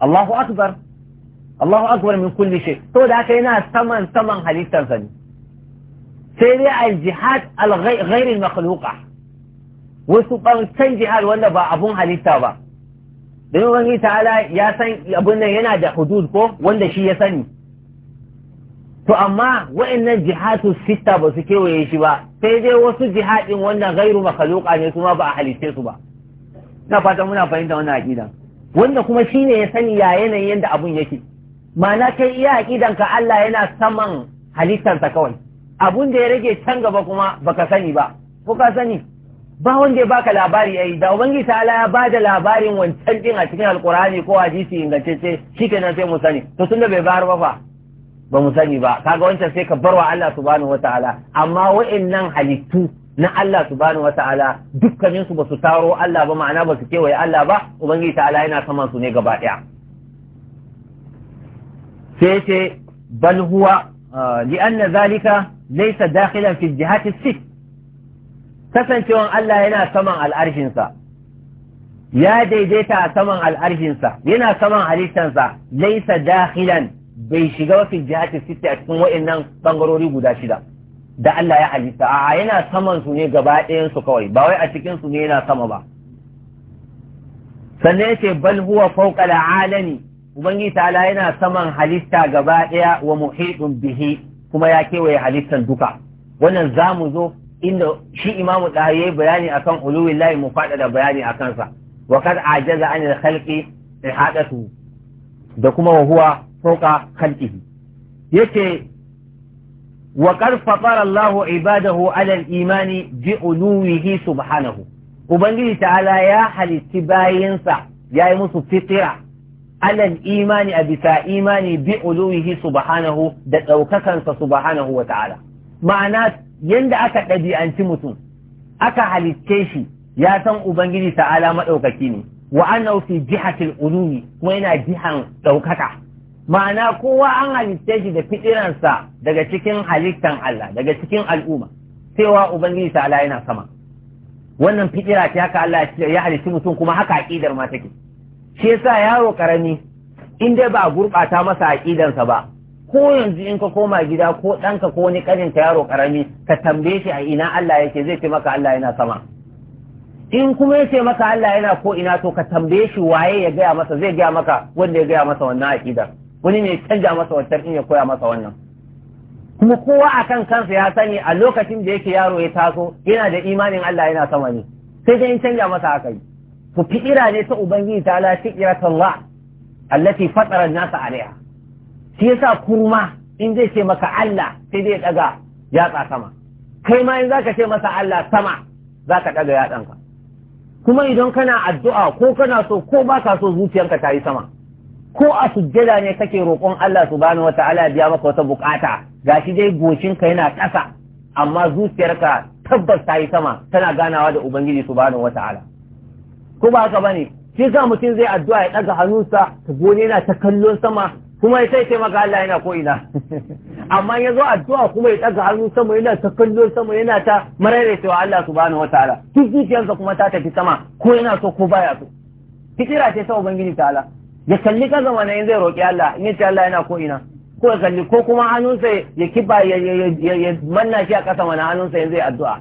Allahu akbar Allahu akbar min kulli shay saboda haka yana saman saman halittar sa ne sai dai al jihad al ghair al makhluqa wasu bancan jihad wanda ba abun halitta ba don Ubangiji ta'ala ya san abun nan yana da hudud ko wanda shi ya sani to amma wa'annan jihatu sita ba su kewaye shi ba sai dai wasu jihadin wannan gairu makaluka ne su ma ba a halitte su ba na fata muna fahimta wannan aqidan wanda kuma shi ne ya sani ya yanayin yadda abun yake ma'ana kai iya aqidan ka Allah yana saman halittarsa kawai abun da ya rage can gaba kuma baka sani ba ko ka sani ba wanda ya baka labari yayi da ubangiji ta ya ba da labarin wancan ɗin a cikin Alƙur'ani ko hadisi ingantacce kenan sai mu sani to tunda bai bayar ba fa ba mu sani ba kaga wancan sai ka barwa Allah subhanahu wataala amma wa'annan halittu na Allah subhanahu wataala dukkanin su basu taro Allah ba ma'ana basu kewaye Allah ba ubangiji ta'ala yana saman su ne gaba daya sai ce bal huwa ah, li'anna zalika laysa dakhilan fi jihati sit kasancewan Allah yana saman al'arshin sa ya daidaita a saman al'arshin sa yana saman halittansa laysa dakhilan bai shiga wasu jihati sita a cikin wa'annan bangarori guda shida da Allah ya halitta a yana saman su ne gaba ɗayan su kawai ba wai a cikin su ne yana sama ba sannan yace bal huwa fawqa alami ubangi ta'ala yana saman halitta gaba ɗaya wa muhitun bihi kuma ya kewaye halittan duka wannan zamu zo inda shi imamu da yi bayani akan uluwillahi mu faɗa da bayani akan sa wa kad ajaza anil khalqi ihadatu da kuma wa huwa fauka khalqihi yace wa qad fatara Allah ibadahu ala al-imani bi uluwihi subhanahu ubangiji ta'ala ya halitti bayinsa yayi musu fitira ala imani a bisa imani bi uluwihi subhanahu da ɗaukakansa subhanahu wa ta'ala ma'ana yanda aka ɗabi'anci mutum aka halitte shi ya san ubangiji ta'ala maɗaukaki ne wa annahu fi jihatil ulumi kuma yana jihan ɗaukaka ma'ana kowa an halitta shi da fitiransa daga cikin halittan Allah daga cikin al'umma cewa ubangiji Allah yana sama wannan fitira ce haka Allah ya halitta mutum kuma haka aqidar ma take shi yasa yaro karami in dai ba gurbata masa aqidansa ba ko yanzu in ka koma gida ko ɗanka ko wani ƙanin ka yaro karami ka tambaye shi a ina Allah yake zai ce maka Allah yana sama in kuma yace maka Allah yana ko ina to ka tambaye shi waye ya gaya masa zai gaya maka wanda ya gaya masa wannan aqidar wani ne canja masa wancan in ya koya masa wannan kuma kowa a kan kansa ya sani a lokacin da yake yaro ya taso yana da imanin Allah yana sama ne sai dai in canja masa haka yi ku fi'ira ne ta ubangiji ta ala Allah allati fatara nasa alaiha shi yasa kurma in zai ce maka Allah sai dai ya daga yatsa sama kai ma in zaka ce masa Allah sama zaka daga yatsanka kuma idan kana addu'a ko kana so ko baka so zuciyarka ta yi sama ko a sujjada ne kake roƙon Allah subhanahu wataala ya biya maka wata bukata gashi dai gocinka yana ƙasa amma zuciyarka tabbas ta yi sama tana ganawa da ubangiji subhanahu wataala ko ba haka bane shi sa mutum zai addu'a ya ɗaga hannunsa ta gone yana ta kallon sama kuma ya sai maka Allah yana ko ina [LAUGHS] amma ya zo addu'a kuma ya ɗaga hannun sama yana ta kallon sama yana ta mararecewa Allah subhanahu wataala duk zuciyarsa kuma ta tafi sama ko yana so ko baya so fikira ce ta ubangiji ta'ala ya kalli kaza wani in zai roƙi Allah in yace Allah yana ko ina ko ya kalli ko kuma hannunsa ya kiba ya manna shi a ƙasa mana hannunsa in zai addu'a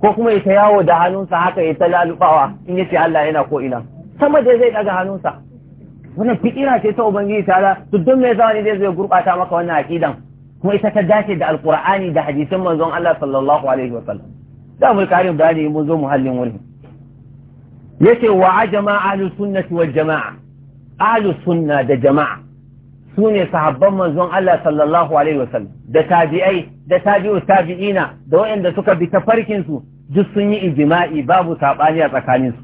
ko kuma ya ta yawo da hannunsa haka ya ta lalubawa in yace Allah yana ko ina sama da zai daga hannunsa wannan fikira ce ta ubangiji ta to don me yasa wani zai zai gurɓata maka wannan aqidan kuma ita ta dace da alqur'ani da hadisin manzon Allah sallallahu alaihi wa sallam da mulkarin bayani mun zo muhallin wani yace wa ajama ahlus sunnati wal jama'a ahlu sunna da jama'a su ne sahabban manzon Allah sallallahu alaihi wasallam da tabi'ai da tabi'u tabi'ina da waɗanda suka bi ta farkin su duk sun yi ijma'i babu sabani a tsakanin su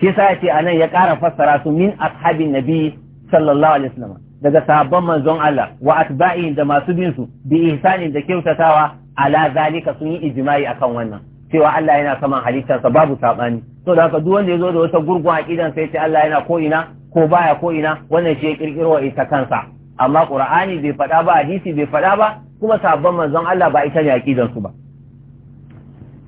shi yasa yace anan ya ƙara fassara su min ashabin nabi sallallahu alaihi wasallam daga sahabban manzon Allah wa atba'i da masu bin su bi ihsani da kyautatawa ala zalika sun yi ijma'i akan wannan cewa Allah yana saman halittarsa babu sabani to da haka duk wanda ya zo da wata gurgun aqidan sai ce Allah yana ko ina ko baya ko ina wannan shi ya kirkiro ita kansa amma qur'ani bai faɗa ba hadisi bai faɗa ba kuma sabon manzon Allah ba ita ne aqidan su ba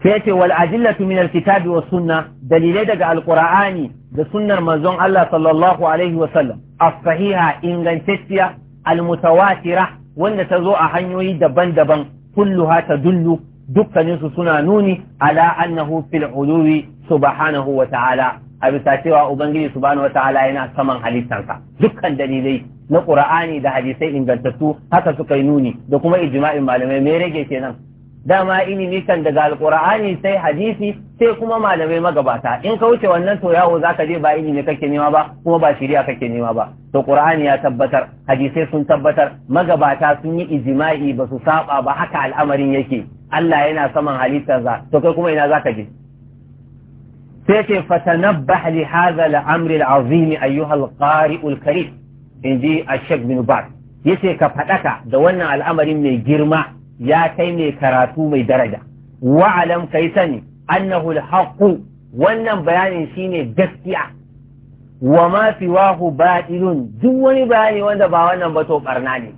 sai ce wal adillatu min alkitabi was sunna dalilai daga alqur'ani da sunnar manzon Allah sallallahu alaihi wa sallam as-sahiha ingantacciya almutawatira wanda ta zo a hanyoyi daban-daban kulluha tadullu dukkaninsu suna nuni ala annahu fil uluwi subhanahu wa ta'ala a bisa cewa ubangiji subhanahu wataala yana saman halittansa dukkan dalilai na qur'ani da hadisai ingantattu haka suka yi nuni da kuma ijma'in malamai me rage kenan dama ilimi kan daga alqur'ani sai hadisi sai kuma malamai magabata in ka wuce wannan to yawo zaka je ba ilimi kake nema ba kuma ba shari'a kake nema ba to qur'ani ya tabbatar hadisai sun tabbatar magabata sun yi ijma'i ba su saba ba haka al'amarin yake Allah yana saman halittarsa to kai kuma ina zaka je sai ce fatanabbah li hadha al-amri al-azim ayyuha al-qari al-karim inji a shaykh bin baz yace ka fadaka da wannan al'amarin mai girma ya kai mai karatu mai daraja wa alam kai sani annahu al-haqq wannan bayanin shine gaskiya wa ma siwahu batilun duk wani bayani wanda ba wannan ba to barna ne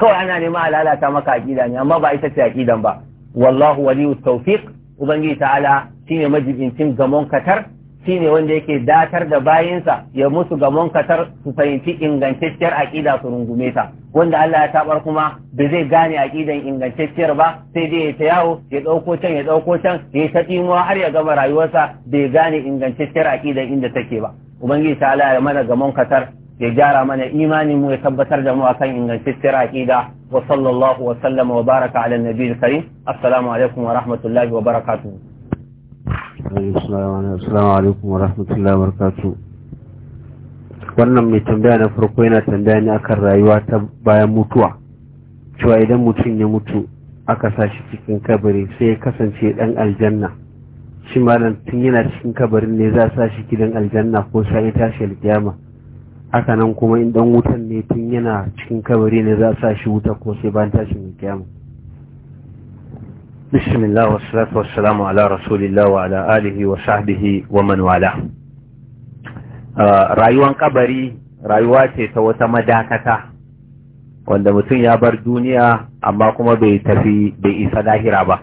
kawai ana nema a lalata maka aqida ne amma ba ita ce aqidan ba wallahu waliyut tawfiq ubangiji ta'ala shine majibincin gamon katar shine wanda yake datar da bayinsa ya musu gamon katar su fahimci ingantacciyar aƙida su rungume ta wanda Allah ya tabar kuma ba zai gane aƙidan ingantacciyar ba sai dai ya ta yawo ya ɗauko can ya ɗauko can ya ta tsimuwa har ya gama rayuwarsa bai gane ingantacciyar aƙidan inda take ba ubangiji ta Allah ya mana gamon katar ya gyara mana imanin mu ya tabbatar da mu akan ingantacciyar aƙida wa sallallahu wa sallama wa baraka ala nabiyil karim assalamu alaikum wa rahmatullahi wa barakatuh Assalamu rahmatullahi wa Wannan mai tambaya na farko yana tambaya ne akan rayuwa ta bayan mutuwa. Cewa idan mutum ya mutu aka sa shi cikin kabari sai ya kasance dan aljanna. Shi malam tun yana cikin kabarin ne za a sa shi gidan aljanna ko sai ya tashi alkiyama. Haka nan kuma in dan wutan ne tun yana cikin kabari ne za a sa shi wuta ko sai bayan tashin alkiyama. بسم الله والصلاة والسلام على رسول الله وعلى آله وصحبه ومن والاه rayuwan kabari rayuwa ce ta wata madakata wanda mutum ya bar duniya amma kuma bai tafi bai isa lahira ba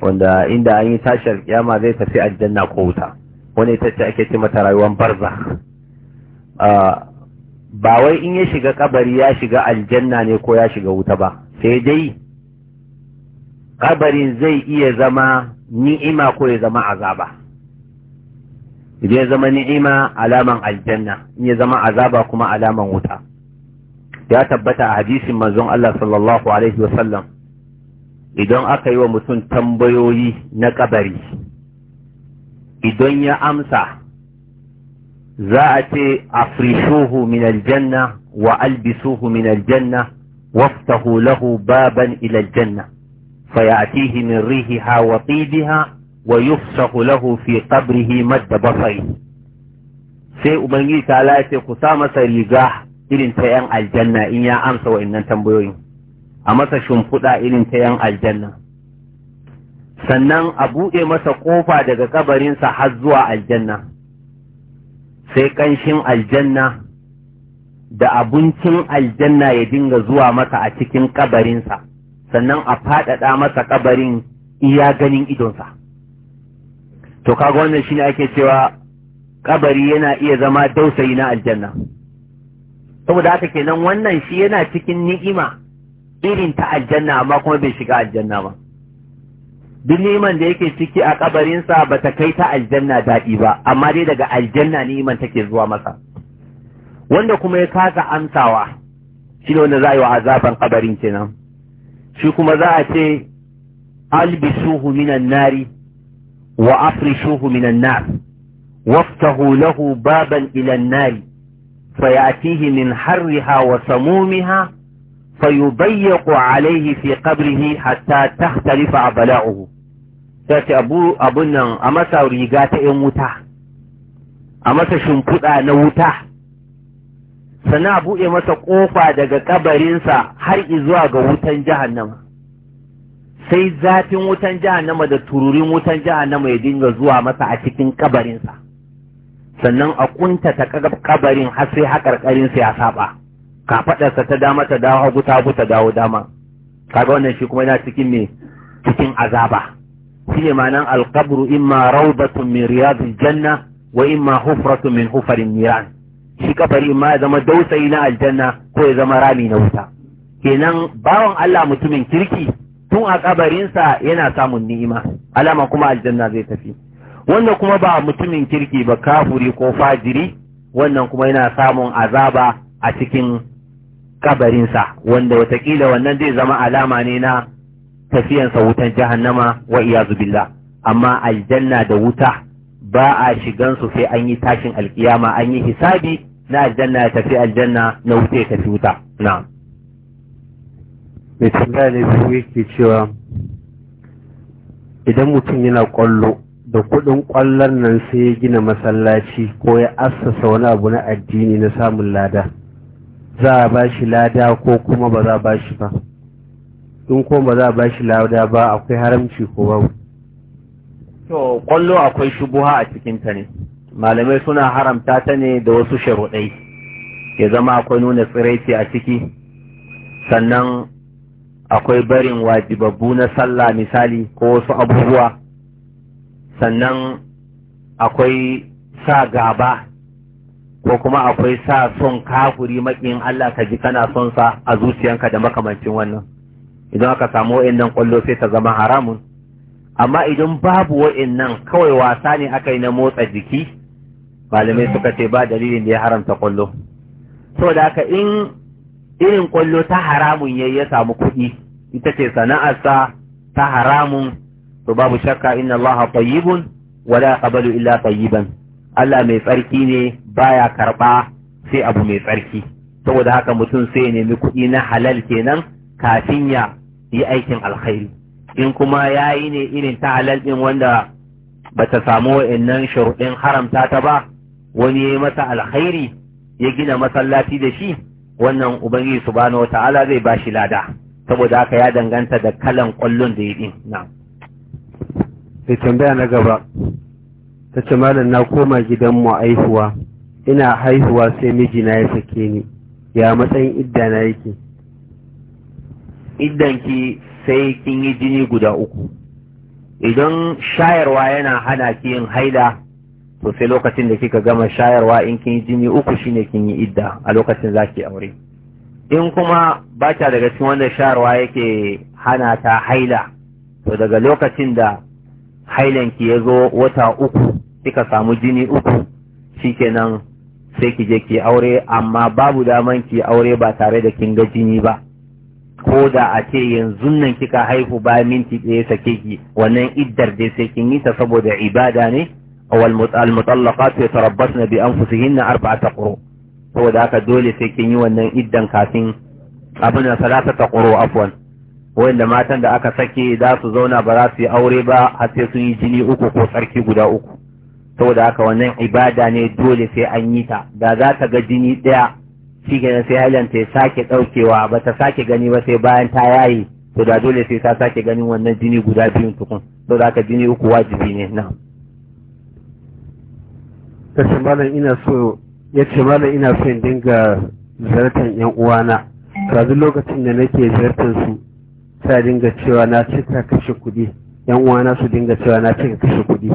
wanda inda an yi tashar alkiyama zai tafi aljanna ko wuta wani ita ce ake ce mata rayuwan barza uh, ba wai in ya shiga kabari ya shiga aljanna ne ko ya shiga wuta ba sai dai kabarin zai iya zama ni'ima ko ya zama azaba idan ya zama ni'ima alaman aljanna in ya zama azaba kuma alaman wuta ya tabbata a hadisin manzon Allah sallallahu alaihi wasallam idan aka yi wa mutum tambayoyi na kabari idan ya amsa za a ce afrishuhu min aljanna wa albisuhu min aljanna waftahu lahu baban ila aljanna فيأتيه من ريحها وطيبها ويفسح له في قبره مد بصره sai ubangiji ta ala ce ku sa masa riga irin ta yan aljanna in ya amsa wa'annan tambayoyin a masa shimfiɗa irin ta yan aljanna sannan a buɗe masa ƙofa daga kabarinsa har zuwa aljanna sai ƙanshin aljanna da abincin aljanna ya dinga zuwa masa a cikin kabarinsa sannan a faɗaɗa masa ƙabarin iya ganin idonsa to kaga wannan ne ake cewa ƙabari yana iya zama dausayi na aljanna saboda haka kenan wannan shi yana cikin ni'ima irin ta aljanna amma kuma bai shiga aljanna ba duk ni'iman da yake ciki a ƙabarinsa ba ta kai ta aljanna daɗi ba amma dai daga aljanna ni'iman take zuwa masa wanda kuma ya kasa amsawa shi ne wanda za a yi wa azaban kabarin kenan shi kuma za a ce albisuhu minan nari wa afrishuhu minan nar waftahu lahu baban ilan nari min harriha wa samumiha وسمومها فيضيق عليه في قبره حتى تختلف عضلاؤه sai abu abun nan a masa riga ta ‘yan wuta, a masa shimfiɗa na wuta, sannan a buɗe masa ƙofa daga ƙabarinsa har zuwa ga wutan jahannama sai zafin wutan jahannama da tururin wutan jahannama ya dinga zuwa masa a cikin ƙabarinsa, sannan a kuntata ƙabarin har sai haƙarƙarinsa ya saba kafaɗarsa ta dama ta dawo hagu ta ta dawo dama kaga wannan shi kuma yana cikin me cikin azaba Shi shine ma'anan alqabru imma rawdatun min riyadil janna wa imma hufratun min hufarin miran. shi kabari ma ya zama dausayi na aljanna ko ya zama rami na wuta kenan bawan Allah mutumin kirki tun a kabarinsa yana samun ni'ima alama kuma aljanna zai tafi wanda kuma ba mutumin kirki ba kafuri ko fajiri wannan kuma yana samun azaba a cikin kabarinsa wanda watakila wannan zai zama alama ne na tafiyansa wutan jahannama wa iyazu billah amma aljanna da wuta ba a shigan su sai an yi tashin alkiyama an yi hisabi na aljanna ya tafi aljanna na wuce ya wuta na mai ne biyu yake cewa idan mutum yana kwallo da kudin kwallon nan sai ya gina masallaci ko ya assasa wani abu na addini na samun lada za a ba shi lada ko kuma ba za a ba shi ba in kuma ba za a ba shi lada ba akwai haramci ko babu To, ƙwallo akwai shubuha a cikinta ne, malamai suna haramta ta ne da wasu sharuɗai, ya zama akwai nuna tsiraici a ciki, sannan akwai barin wajibabbu na sallah misali ko wasu abubuwa, sannan akwai sa gaba ko kuma akwai sa son kafuri maƙin Allah ka ji kana son sa a zuciyanka da makamancin wannan. Idan aka samu waɗannan nan ƙwallo sai ta zama haramun. amma idan babu nan kawai wasa ne aka yi na motsa jiki malamai suka ce ba dalilin da ya haramta kwallo saboda aka in irin kwallo ta haramun yi ya samu kuɗi ita ce sana'arsa ta haramun to babu shakka inna Allah tayyibun wa la yaqbalu illa tayyiban Allah mai tsarki ne baya karɓa sai abu mai tsarki saboda haka mutum sai ya nemi kuɗi na halal kenan kafin ya yi aikin alkhairi in kuma ya yi ne irin ta halal ɗin wanda ba ta samu wa'annan sharuɗin haramta ta ba wani ya yi masa alkhairi ya gina masallaci da shi wannan ubangiji subhanahu wa ta'ala zai ba shi lada saboda haka ya danganta da kalan ƙwallon da ya ɗin na sai tambaya na gaba ta ce malam na koma gidanmu haihuwa ina haihuwa sai mijina ya sake ni ya matsayin idda na yake iddanki sai kin yi jini guda uku idan shayarwa yana hana ki yin haila to sai lokacin da kika gama shayarwa in kin yi jini uku shine kin yi idda a lokacin za ki aure in kuma ba ta daga cikin wanda shayarwa yake hana ta haila to daga lokacin da hailanki ya zo wata uku kika samu jini uku shikenan sai ki je ki aure amma babu daman ki aure ba tare da kin ga jini ba ko da a ce yanzu nan kika haihu ba minti ɗaya sake ki wannan iddar dai sai kin yi ta saboda ibada ne awal mutallaqat yatarabbasna bi anfusihinna arba'ata quru saboda haka dole sai kin yi wannan iddan kafin abin da salata ta quru afwan wanda matan da aka sake za su zauna ba za su yi aure ba har sai sun yi jini uku ko tsarki guda uku saboda haka wannan ibada ne dole sai an yi ta da za ta ga jini ɗaya shi kenan sai hailan ta sake daukewa ba ta sake gani ba sai bayan ta yayi to da dole sai ta sake ganin wannan jini guda biyun tukun to da jini uku wajibi ne na shi malam ina so ya ce malam ina so in dinga zartan yan uwana kazu lokacin da nake zartan su ta dinga cewa na cika kashe kuɗi yan uwana su dinga cewa na cika kashe kuɗi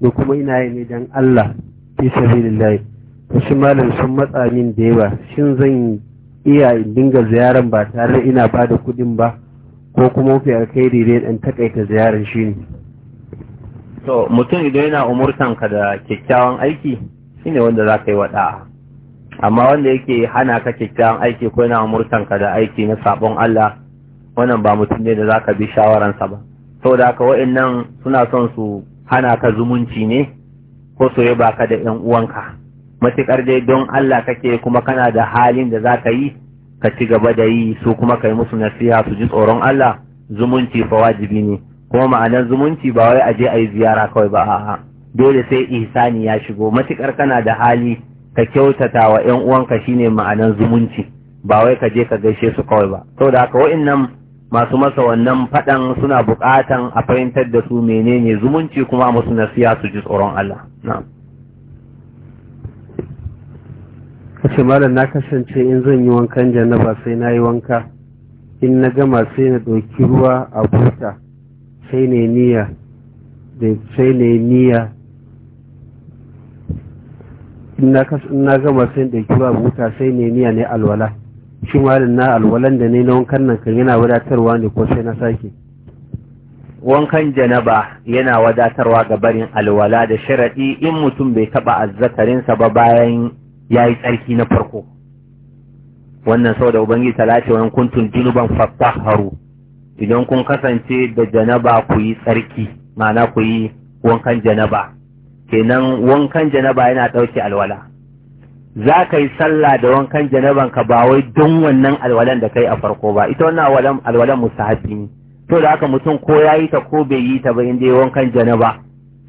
ni kuma ina yi ne dan Allah fi sabilillah wasu malam sun matsa min da yawa shin zan iya dinga ziyaran ba tare ina ba da kudin ba ko kuma mafi alkhairi ne in takaita ziyaran shi ne to mutum idan yana umurtan ka da kyakkyawan aiki shine wanda za ka yi wada amma wanda yake hana ka kyakkyawan aiki ko yana umurtan ka da aiki na sabon Allah wannan ba mutum ne da za ka bi shawaransa ba saboda haka wa'annan suna son su hana ka zumunci ne ko soyayya baka da yan uwanka matuƙar dai don Allah kake kuma kana da halin da za ka yi ka ci gaba da yi su kuma ka yi musu nasiha su ji tsoron Allah zumunci fa wajibi ne kuma ma'anar zumunci ba wai aje a yi ziyara kawai ba a'a dole sai ihsani ya shigo matuƙar kana da hali ka kyautata wa 'yan uwanka shine ma'anar zumunci ba wai ka je ka gaishe su kawai ba saboda haka wa'annan masu masa wannan faɗan suna buƙatan a fahimtar da su menene zumunci kuma musu nasiha su ji tsoron Allah na'am kace malam na kasance in zan yi wankan janaba sai na yi wanka in na gama sai na ɗauki ruwa a buta sai ne niyya da sai ne niyya in na gama sai na ɗauki ruwa a buta sai ne niyya ne alwala shi malam na alwalan da ne na wankan nan kan yana wadatarwa ne ko sai na sake wankan janaba yana wadatarwa ga barin alwala da sharaɗi in mutum bai taɓa azzakarinsa ba bayan ya yi tsarki na farko wannan saboda ubangiji ta lace wani kuntun junuban fattaharu idan kun kasance da janaba ku yi tsarki ma'ana ku yi wankan janaba kenan wankan janaba yana ɗauke alwala za ka yi sallah da wankan janaban ka ba wai don wannan alwalan da kai a farko ba ita wannan alwalan alwalan sahafi ne to da haka mutum ko ya yi ta ko bai yi ta ba inda ya wankan janaba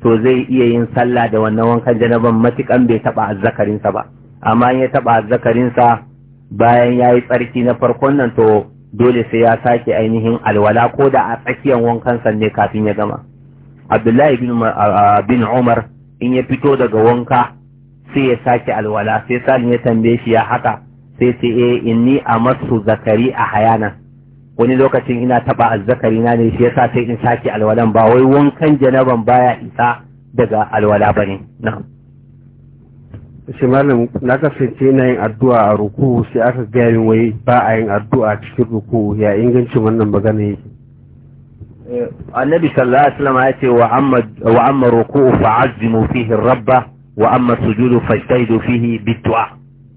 to zai iya yin sallah da wannan wankan janaban matukan bai taɓa azzakarinsa ba amma ya taba azzakarinsa bayan ya yi tsarki na farkon nan to dole sai ya sake ainihin alwala ko da a tsakiyar wankan ne kafin ya gama abdullahi bin umar in ya fito daga wanka sai ya sake alwala sai salim ya tambaye shi ya haka sai ce e inni a masu zakari a hayana wani lokacin ina taba azzakari na ne shi ya sa sai in sake alwalan ba wai wankan janaban baya isa daga alwala bane na'am shi malam na kasance na yin addu'a a ruku sai aka gaya wai ba a yin addu'a cikin ruku ya inganci wannan magana yake eh, annabi sallallahu alaihi wasallam ya ce wa amma ruku fa'azzimu fihi rabba wa amma sujudu fajtaidu fihi bid'a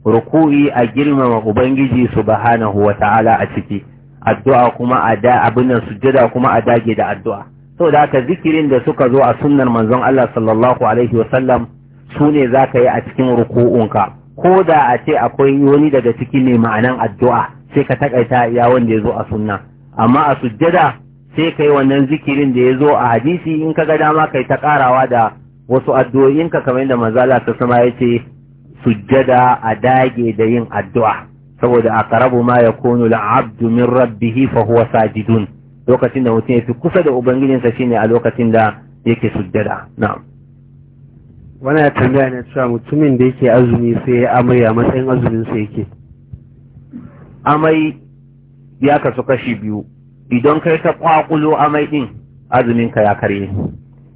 ruku'i a girmama ubangiji subhanahu wa ta'ala a ciki addu'a kuma a da abin nan sujjada kuma a dage da addu'a saboda haka zikirin da suka zo a sunnar manzon Allah sallallahu alaihi wasallam su ne za ka yi a cikin ruku'unka ko da a ce akwai wani daga ciki ne ma'anan addu'a sai ka takaita ya wanda ya zo a sunna amma a sujjada sai ka yi wannan zikirin da ya zo a hadisi in ka ga dama kai ta karawa da wasu addu'o'inka kamar yadda manzala ta sama ya ce sujjada a dage da yin addu'a saboda a karabu ma ya kunu la'abdu min rabbihi fa huwa sajidun lokacin da mutum ya fi kusa da ubangijinsa shine a lokacin da yake sujjada na'am wani ya tambaya ne cewa mutumin da yake azumi sai ya amai a matsayin azumin sa yake amai ya kasu kashi biyu idan kai ta kwakulo amai din azumin ka ya karye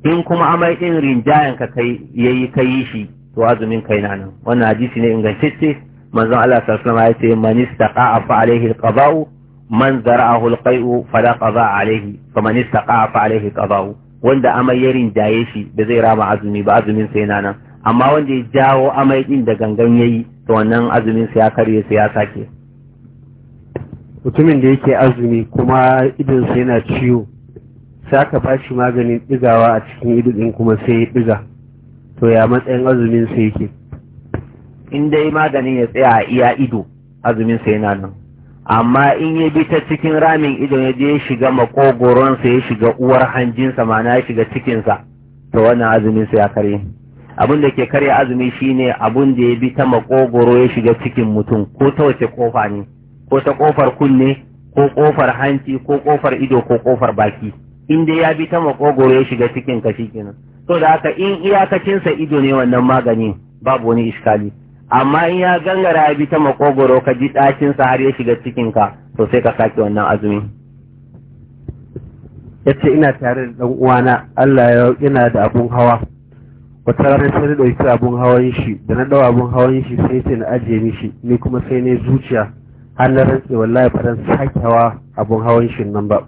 in kuma amai din rinjayen ka kai yayi kai shi to azumin kai na nan wannan hadisi ne ingantacce manzon Allah sallallahu alaihi ya ce man istaqa'a fa alaihi alqada'u man zara'ahu alqai'u fala qada'a alaihi istaqa'a fa alaihi alqada'u wanda amai ya rinjaye shi da zai rama azumi ba azumin sai yana nan amma wanda ya jawo amai din da gangan yayi to wannan azumin sai ya karye sai ya sake mutumin da yake azumi kuma idon sai yana ciwo sai aka bashi maganin digawa a cikin ido din kuma sai ya diga to ya matsayin azumin sai yake in dai maganin ya tsaya a iya ido azumin sai yana nan amma in ya bi ta cikin ramin ido ya je ya shiga makogoronsa ya shiga uwar hanjinsa mana ya shiga cikinsa to wannan azumin sa ya karye abin da ke karya azumi shine abun da ya bi ta makogoro ya shiga cikin mutum ko ta wace kofa ne ko ta kofar kunne ko kofar hanci ko kofar ido ko kofar baki in dai ya bi ta makogoro ya shiga cikin ka shikenan to da haka in iyakacinsa ido ne wannan maganin, babu wani iskali amma in ya gangara ya bi ta makogoro ka ji sa har ya shiga cikinka to sai ka sake wannan azumi ya ina tare da ɗan uwana Allah ya yana da abun hawa wata rana sai na ɗauki abun hawan shi da na ɗau abun hawan shi sai sai na ajiye mishi ni kuma sai ne zuciya har na rantse wallahi faran sake hawa abun hawan shi nan ba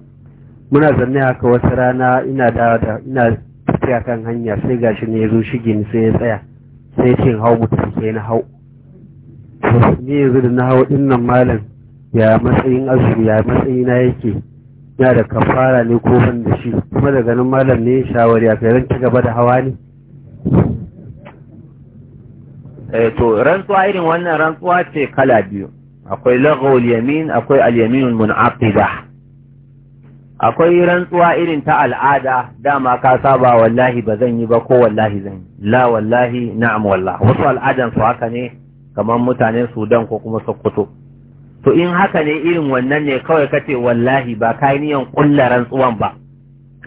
muna zanne haka wata rana ina da ina tafiya kan hanya sai gashi ne ya zo shige ni sai ya tsaya sai ce hau mutum sai na hau ni yanzu da na hau din nan malam ya matsayin azu ya matsayi na yake ya da kafara ne ko ban da shi kuma daga nan malam ne shawari a kai ci gaba da hawa ne eh to rantsuwa irin wannan rantsuwa ce kala biyu akwai lagawul yamin akwai al-yaminul mun'aqida akwai rantsuwa irin ta al'ada dama ka saba wallahi ba zan yi ba ko wallahi zan yi la wallahi na'am wallah wasu al'adan su haka ne kamar mutanen Sudan ko kuma Sokoto to in haka ne irin wannan ne kawai kace wallahi ba kai niyan kullaran rantsuwan ba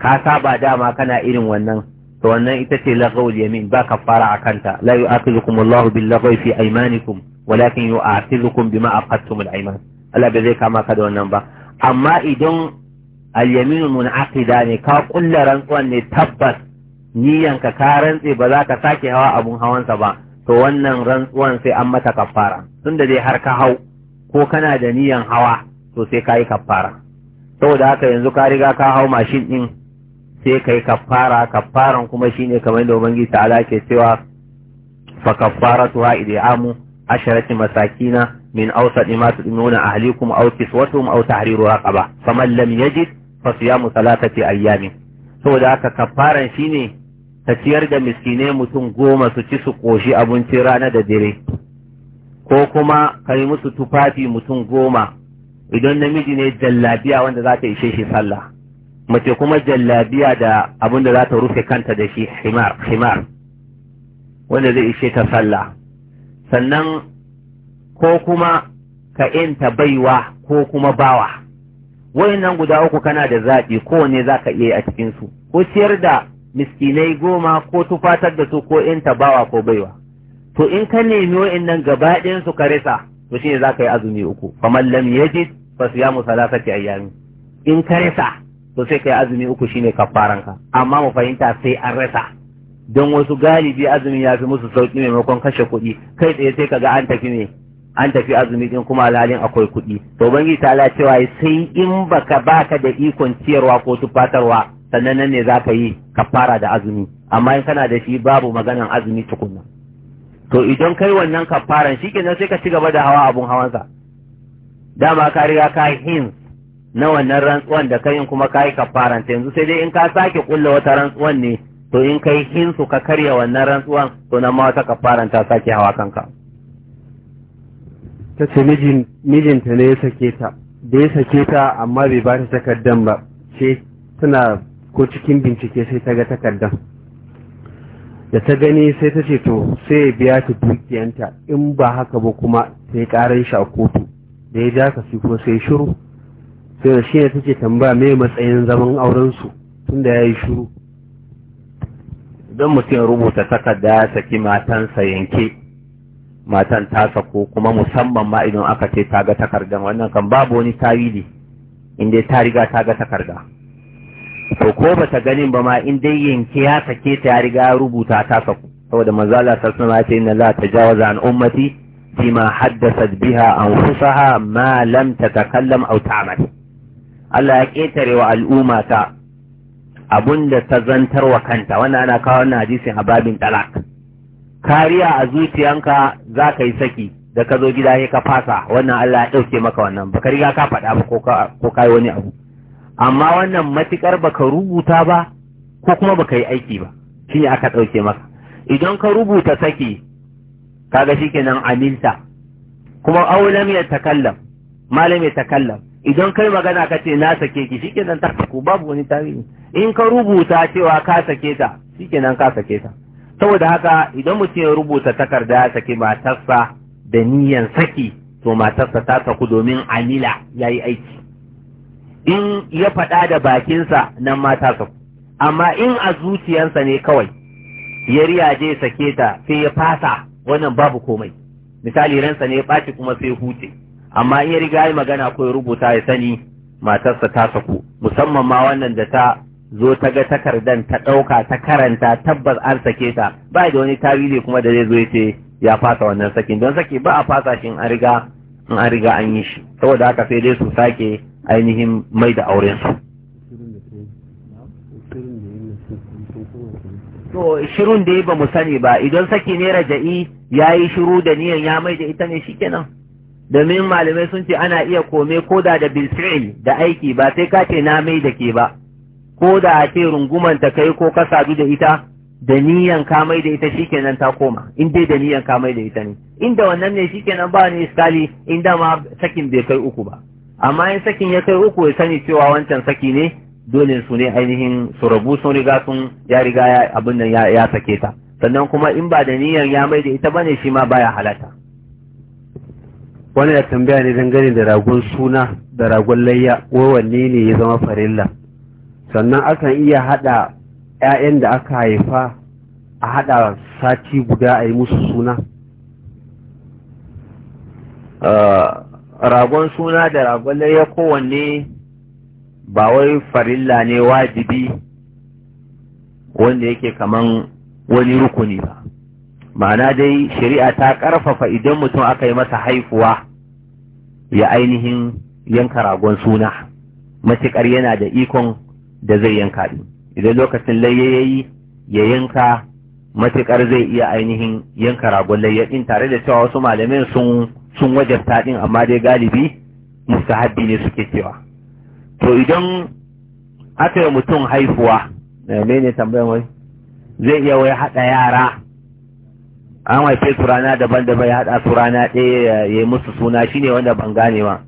ka saba dama kana irin wannan to wannan ita ce lagawul yamin ba kafara akanta la yu'akhidhukum Allahu bil lagwi fi aymanikum walakin yu'akhidhukum bima aqadtum al ayman Allah bai zai kama ka da wannan ba amma idan al yaminu munaqida ne ka kullaran rantsuwan ne tabbas niyanka ka ka rantse ba za ka sake hawa abun hawansa ba to wannan rantsuwan sai an mata kafara tunda dai har ka hau ko kana da niyan hawa to sai ka yi kafara saboda haka yanzu ka riga ka hau mashin din sai ka yi kafara kafaran kuma shine kamar da ubangiji ala ke cewa fa idi amu asharati masakina min awsad ma tudununa ahlikum aw kiswatum aw tahriru raqaba faman lam yajid fa siyamu thalathati ayyamin saboda haka kafaran shine ta ciyar da miskinai mutum goma su ci su ƙoshi abincin rana da dare ko kuma ka yi musu tufafi mutum goma idan namiji ne jallabiya wanda za ta ishe shi sallah mace kuma jallabiya da abin da za ta rufe kanta da shi himar wanda zai ishe ta sallah sannan ko kuma ka inta baiwa ko kuma bawa wayannan guda uku kana da zaɓi kowane za ka iya a cikinsu ko ciyar da miskinai goma ko tufatar da su ko in tabawa ko baiwa to in ka nemi nan gaba ɗayan su ka rasa to shine za ka yi azumi uku kamar lam yajid fa siyamu salasati ayyami in ka rasa to sai ka yi azumi uku shine ka amma mu fahimta sai an rasa don wasu galibi azumi ya fi musu sauƙi maimakon kashe kuɗi kai tsaye sai ka ga an tafi ne an tafi azumi din kuma alhalin akwai kuɗi to bangi ta ala cewa sai in baka baka da ikon ciyarwa ko tufatarwa sannan nan ne za ka yi kafara da azumi amma in kana da shi babu maganan azumi tukunna to idan kai wannan kafaran shi kenan sai ka ci gaba da hawa abun hawan sa dama ka riga ka hin na wannan rantsuwan da kai kuma ka yi kafaran ta yanzu sai dai in ka sake kulla wata rantsuwan ne to in kai hin su ka karya wannan rantsuwan to nan ma wata kafaran ta sake hawa kanka ta ce mijinta ne ya sake ta da ya sake ta amma bai ba ta takardan ba ce tana ko cikin bincike sai ta ga takardar da ta gani sai ta ce to sai ya biya ta dukiyanta in ba haka ba kuma ta yi shi a kotu da ya ja kasi kuma sai shiru sai da shi ne ce tambaya mai matsayin zaman aurensu tun da ya yi shiru idan mutum rubuta takarda ya saki matansa yanke matan ta sako kuma musamman ma idan aka ce ta ga takardar wannan kan babu wani tarihi in dai ta riga ta ga takarda to ko bata ganin ba ma in dai yanke ya sake ta ya riga rubuta ta saku saboda manzo Allah sallallahu alaihi wasallam ya ce inna la tajawaza an ummati ma haddathat biha anfusaha ma lam tatakallam aw ta'mal Allah ya ketare wa al'umma ta abunda ta zantarwa kanta wannan ana kawo wannan hadisin a talak kariya a zuciyanka za ka yi saki da ka zo gida ka fasa wannan Allah ya ɗauke maka wannan ba ka riga ka faɗa ba ko ka yi wani abu amma wannan matukar baka rubuta ba ko kuma baka yi aiki ba ne aka ɗauke maka idan ka rubuta saki kaga kenan aminta kuma aulam ya takallam malam ya takallam idan kai magana ka ce na sake ki shi kenan ta ku babu wani tarihi in ka rubuta cewa ka sake ta shi kenan ka sake ta saboda haka idan mutum ya rubuta takarda ya sake matarsa da niyan saki to matarsa ta saku domin amila yi aiki in ya faɗa da bakinsa nan ma ta amma in a zuciyansa ne kawai ya riyaje sake ta sai ya fasa wannan babu komai misali ransa ne ya ɓaci kuma sai huce amma in ya riga ya magana ko ya rubuta ya sani matarsa ta saku musamman ma wannan da ta zo ta ga takardan ta ɗauka ta karanta tabbas an sake ta ba da wani tarihi kuma da zai zo ya ce ya fasa wannan sakin don sake ba a fasa shi in an riga an yi shi saboda haka sai dai su sake ainihin mai da aurensu to shirun da ya ba mu sani ba idan saki ne raja'i ya yi shiru da niyan ya mai da ita ne shikenan domin malamai sun ce ana iya kome koda da bilfi'il da aiki ba sai ka ce na mai da ke ba ko da a ce runguman ta kai ko ka sadu da ita da niyan ka mai da ita shikenan ta koma in dai da niyan ka mai da ita ne inda wannan ne shikenan ba ne iskali inda ma sakin bai kai uku ba amma in sakin ya kai uku ya sani cewa wancan saki ne dole su ne ainihin su rabu sun riga sun ya riga abin nan ya sake ta sannan kuma in ba da niyyar ya mai da ita bane shi ma baya halata wannan tambaya ne dangane da ragon suna da ragon layya wanne ne ya zama farilla sannan akan iya hada 'ya'yan da aka haifa a hada sati guda a yi musu suna ah, ragon suna da ragon layya kowanne ba wai farilla ne wajibi wanda yake kaman wani rukuni ba ma'ana dai shari'a ta ƙarfafa idan mutum aka yi masa haifuwa ya ainihin yanka ragon suna matuƙar yana da ikon da zai yanka ɗin idan lokacin layayayi ya yanka matuƙar zai iya ainihin yanka ragon layya tare da cewa wasu malamai sun sun wajabta din amma dai galibi mustahabbi ne suke cewa to idan aka yi mutum haifuwa me ne tambayar wai zai iya wai haɗa yara an haife su rana daban-daban ya haɗa su rana ɗaya ya yi musu suna shine wanda ban gane ba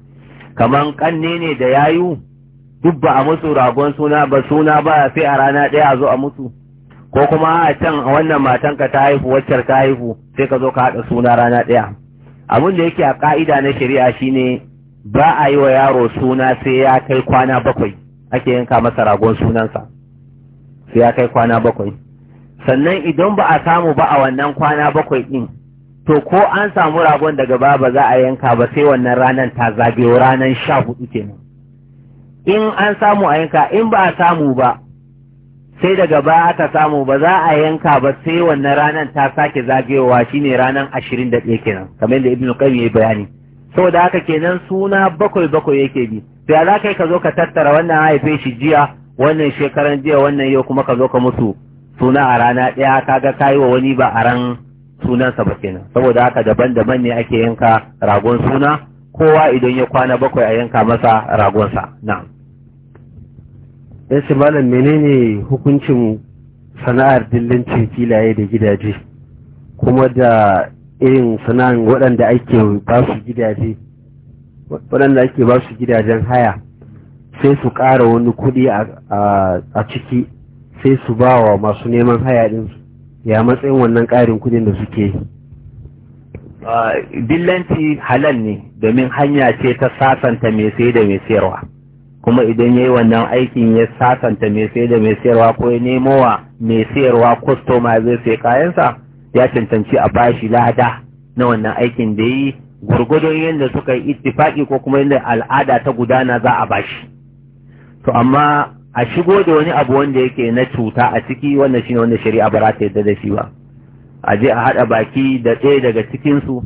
Kamar ƙanne ne da yayu duk ba a musu ragon suna ba suna ba sai a rana ɗaya a zo a musu ko kuma a can wannan matanka ta haihu waccar ta haihu sai ka zo ka haɗa suna rana ɗaya abin da yake a ka'ida na shari'a shine ba a yi wa yaro suna sai ya kai kwana bakwai ake yanka masa ragon sunansa sai ya kai kwana bakwai sannan idan ba a samu ba a wannan kwana bakwai ɗin to ko an samu ragon daga ba ba za a yanka ba sai wannan ranar ta zagewa ranar sha hudu kenan in an samu a yanka in ba a samu ba sai daga baya aka samu ba za a yanka ba sai wannan ranar ta sake zagayowa shine ranar ashirin da ɗaya kenan kamar yadda ibnu qayyim ya bayani saboda haka kenan suna bakwai bakwai yake bi sai za kai ka zo ka tattara wannan haife shi jiya wannan shekaran jiya wannan yau kuma ka zo ka mutu suna a rana ɗaya kaga kayi wa wani ba a ran sunansa ba kenan saboda haka daban-daban ne ake yanka ragon suna kowa idan ya kwana bakwai a yanka masa ragon sa na'am ɗan malam menene hukuncin sana'ar dillancin filaye da gidaje kuma da irin sana'ar waɗanda ake ba su gidaje waɗanda ake ba su gidajen haya sai su ƙara wani kuɗi a ciki sai su ba wa masu neman haya ɗin ya matsayin wannan ƙarin kuɗin da suke ah, dillanci halal ne domin hanya ce ta sasanta mai sai da mai sayarwa kuma idan ya yi wannan aikin ya sasanta mai sai da mai sayarwa ko ya nemo wa mai sayarwa kwastoma zai sai kayansa ya cancanci a bashi lada na wannan aikin da yi gurgudun yadda suka yi ittifaki ko kuma yadda al'ada ta gudana za a bashi to amma a shigo da wani abu wanda yake na cuta a ciki wannan shine wanda shari'a ba za ta yadda da shi ba a je a haɗa baki da ɗaya daga cikinsu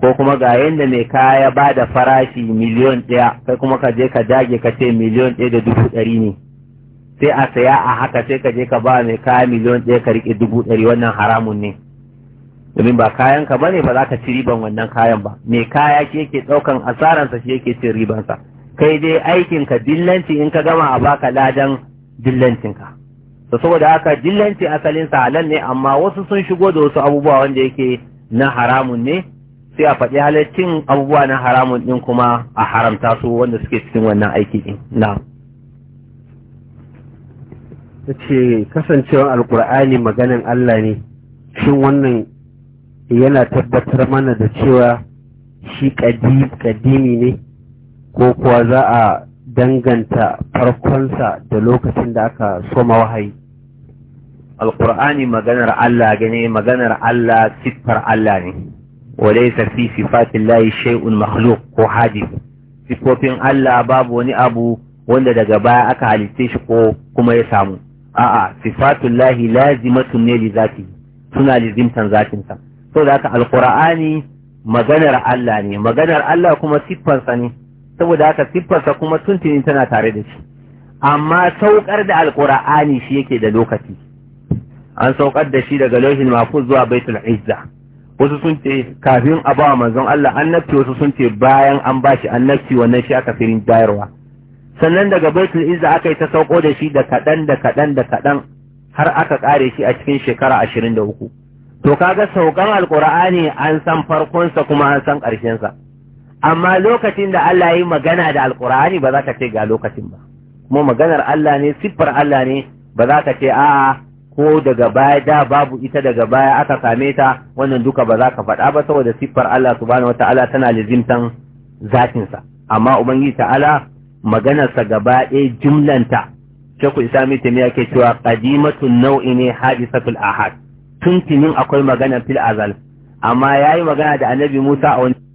ko kuma ga yadda mai kaya ba da farashi miliyon ɗaya kai kuma ka je ka dage ka ce miliyon ɗaya da dubu ɗari ne sai a saya a haka sai ka je ka ba mai kaya miliyon ɗaya ka riƙe dubu ɗari wannan haramun ne domin ba kayan ka bane ba za ka ci riban wannan kayan ba mai kaya shi yake ɗaukan asaransa shi yake cin ribansa kai dai aikin ka dillanci in ka gama a baka ladan dillancinka to saboda haka dillanci asalin sa halal ne amma wasu sun shigo da wasu abubuwa wanda yake na haramun ne sai a faɗi halaccin abubuwa na haramun ɗin kuma a haramta su wanda suke cikin wannan aiki ɗin na ta ce kasancewar alkur'ani maganin Allah ne shin wannan yana tabbatar mana da cewa shi ƙadimi ne ko kuwa za a danganta farkonsa da lokacin da aka soma wahayi alkur'ani maganar Allah gane maganar Allah siffar Allah ne وليس في صفات الله شيء مخلوق ko hadith sifofin Allah babu wani abu wanda daga baya aka halitte shi ko kuma ya samu a'a sifatullahi lazimatun ne li zati suna lizimtan zatin sa saboda haka alqur'ani maganar Allah ne maganar Allah kuma siffarsa ne saboda haka siffarsa kuma tuntuni tana tare da shi amma saukar da alqur'ani shi yake da lokaci an saukar da shi daga lauhin mahfuz zuwa baitul Izzah. wasu sun ce kafin a ba manzon Allah annabci wasu sun ce bayan an ba shi annabci wannan shi aka firin bayarwa sannan daga baitul izza aka yi ta sauko da shi da kaɗan da kaɗan da kaɗan har aka ƙare shi a cikin shekara ashirin da uku to kaga saukan alƙur'ani an san farkonsa kuma an san ƙarshensa amma lokacin da Allah ya yi magana da alƙur'ani ba za ka ce ga lokacin ba kuma maganar Allah ne siffar Allah ne ba za ka ce a'a ko daga baya da babu ita daga baya aka same ta wannan duka ba za ka faɗa ba saboda siffar Allah subhanahu wataala tana lizimtan zakinsa. amma ubangiji ta'ala maganarsa gaba ɗaya jumlanta shekul islami taimiyya ke cewa qadimatun nau'i ne hadisatul ahad tuntunin akwai maganar fil azal amma yayi magana da annabi Musa a wani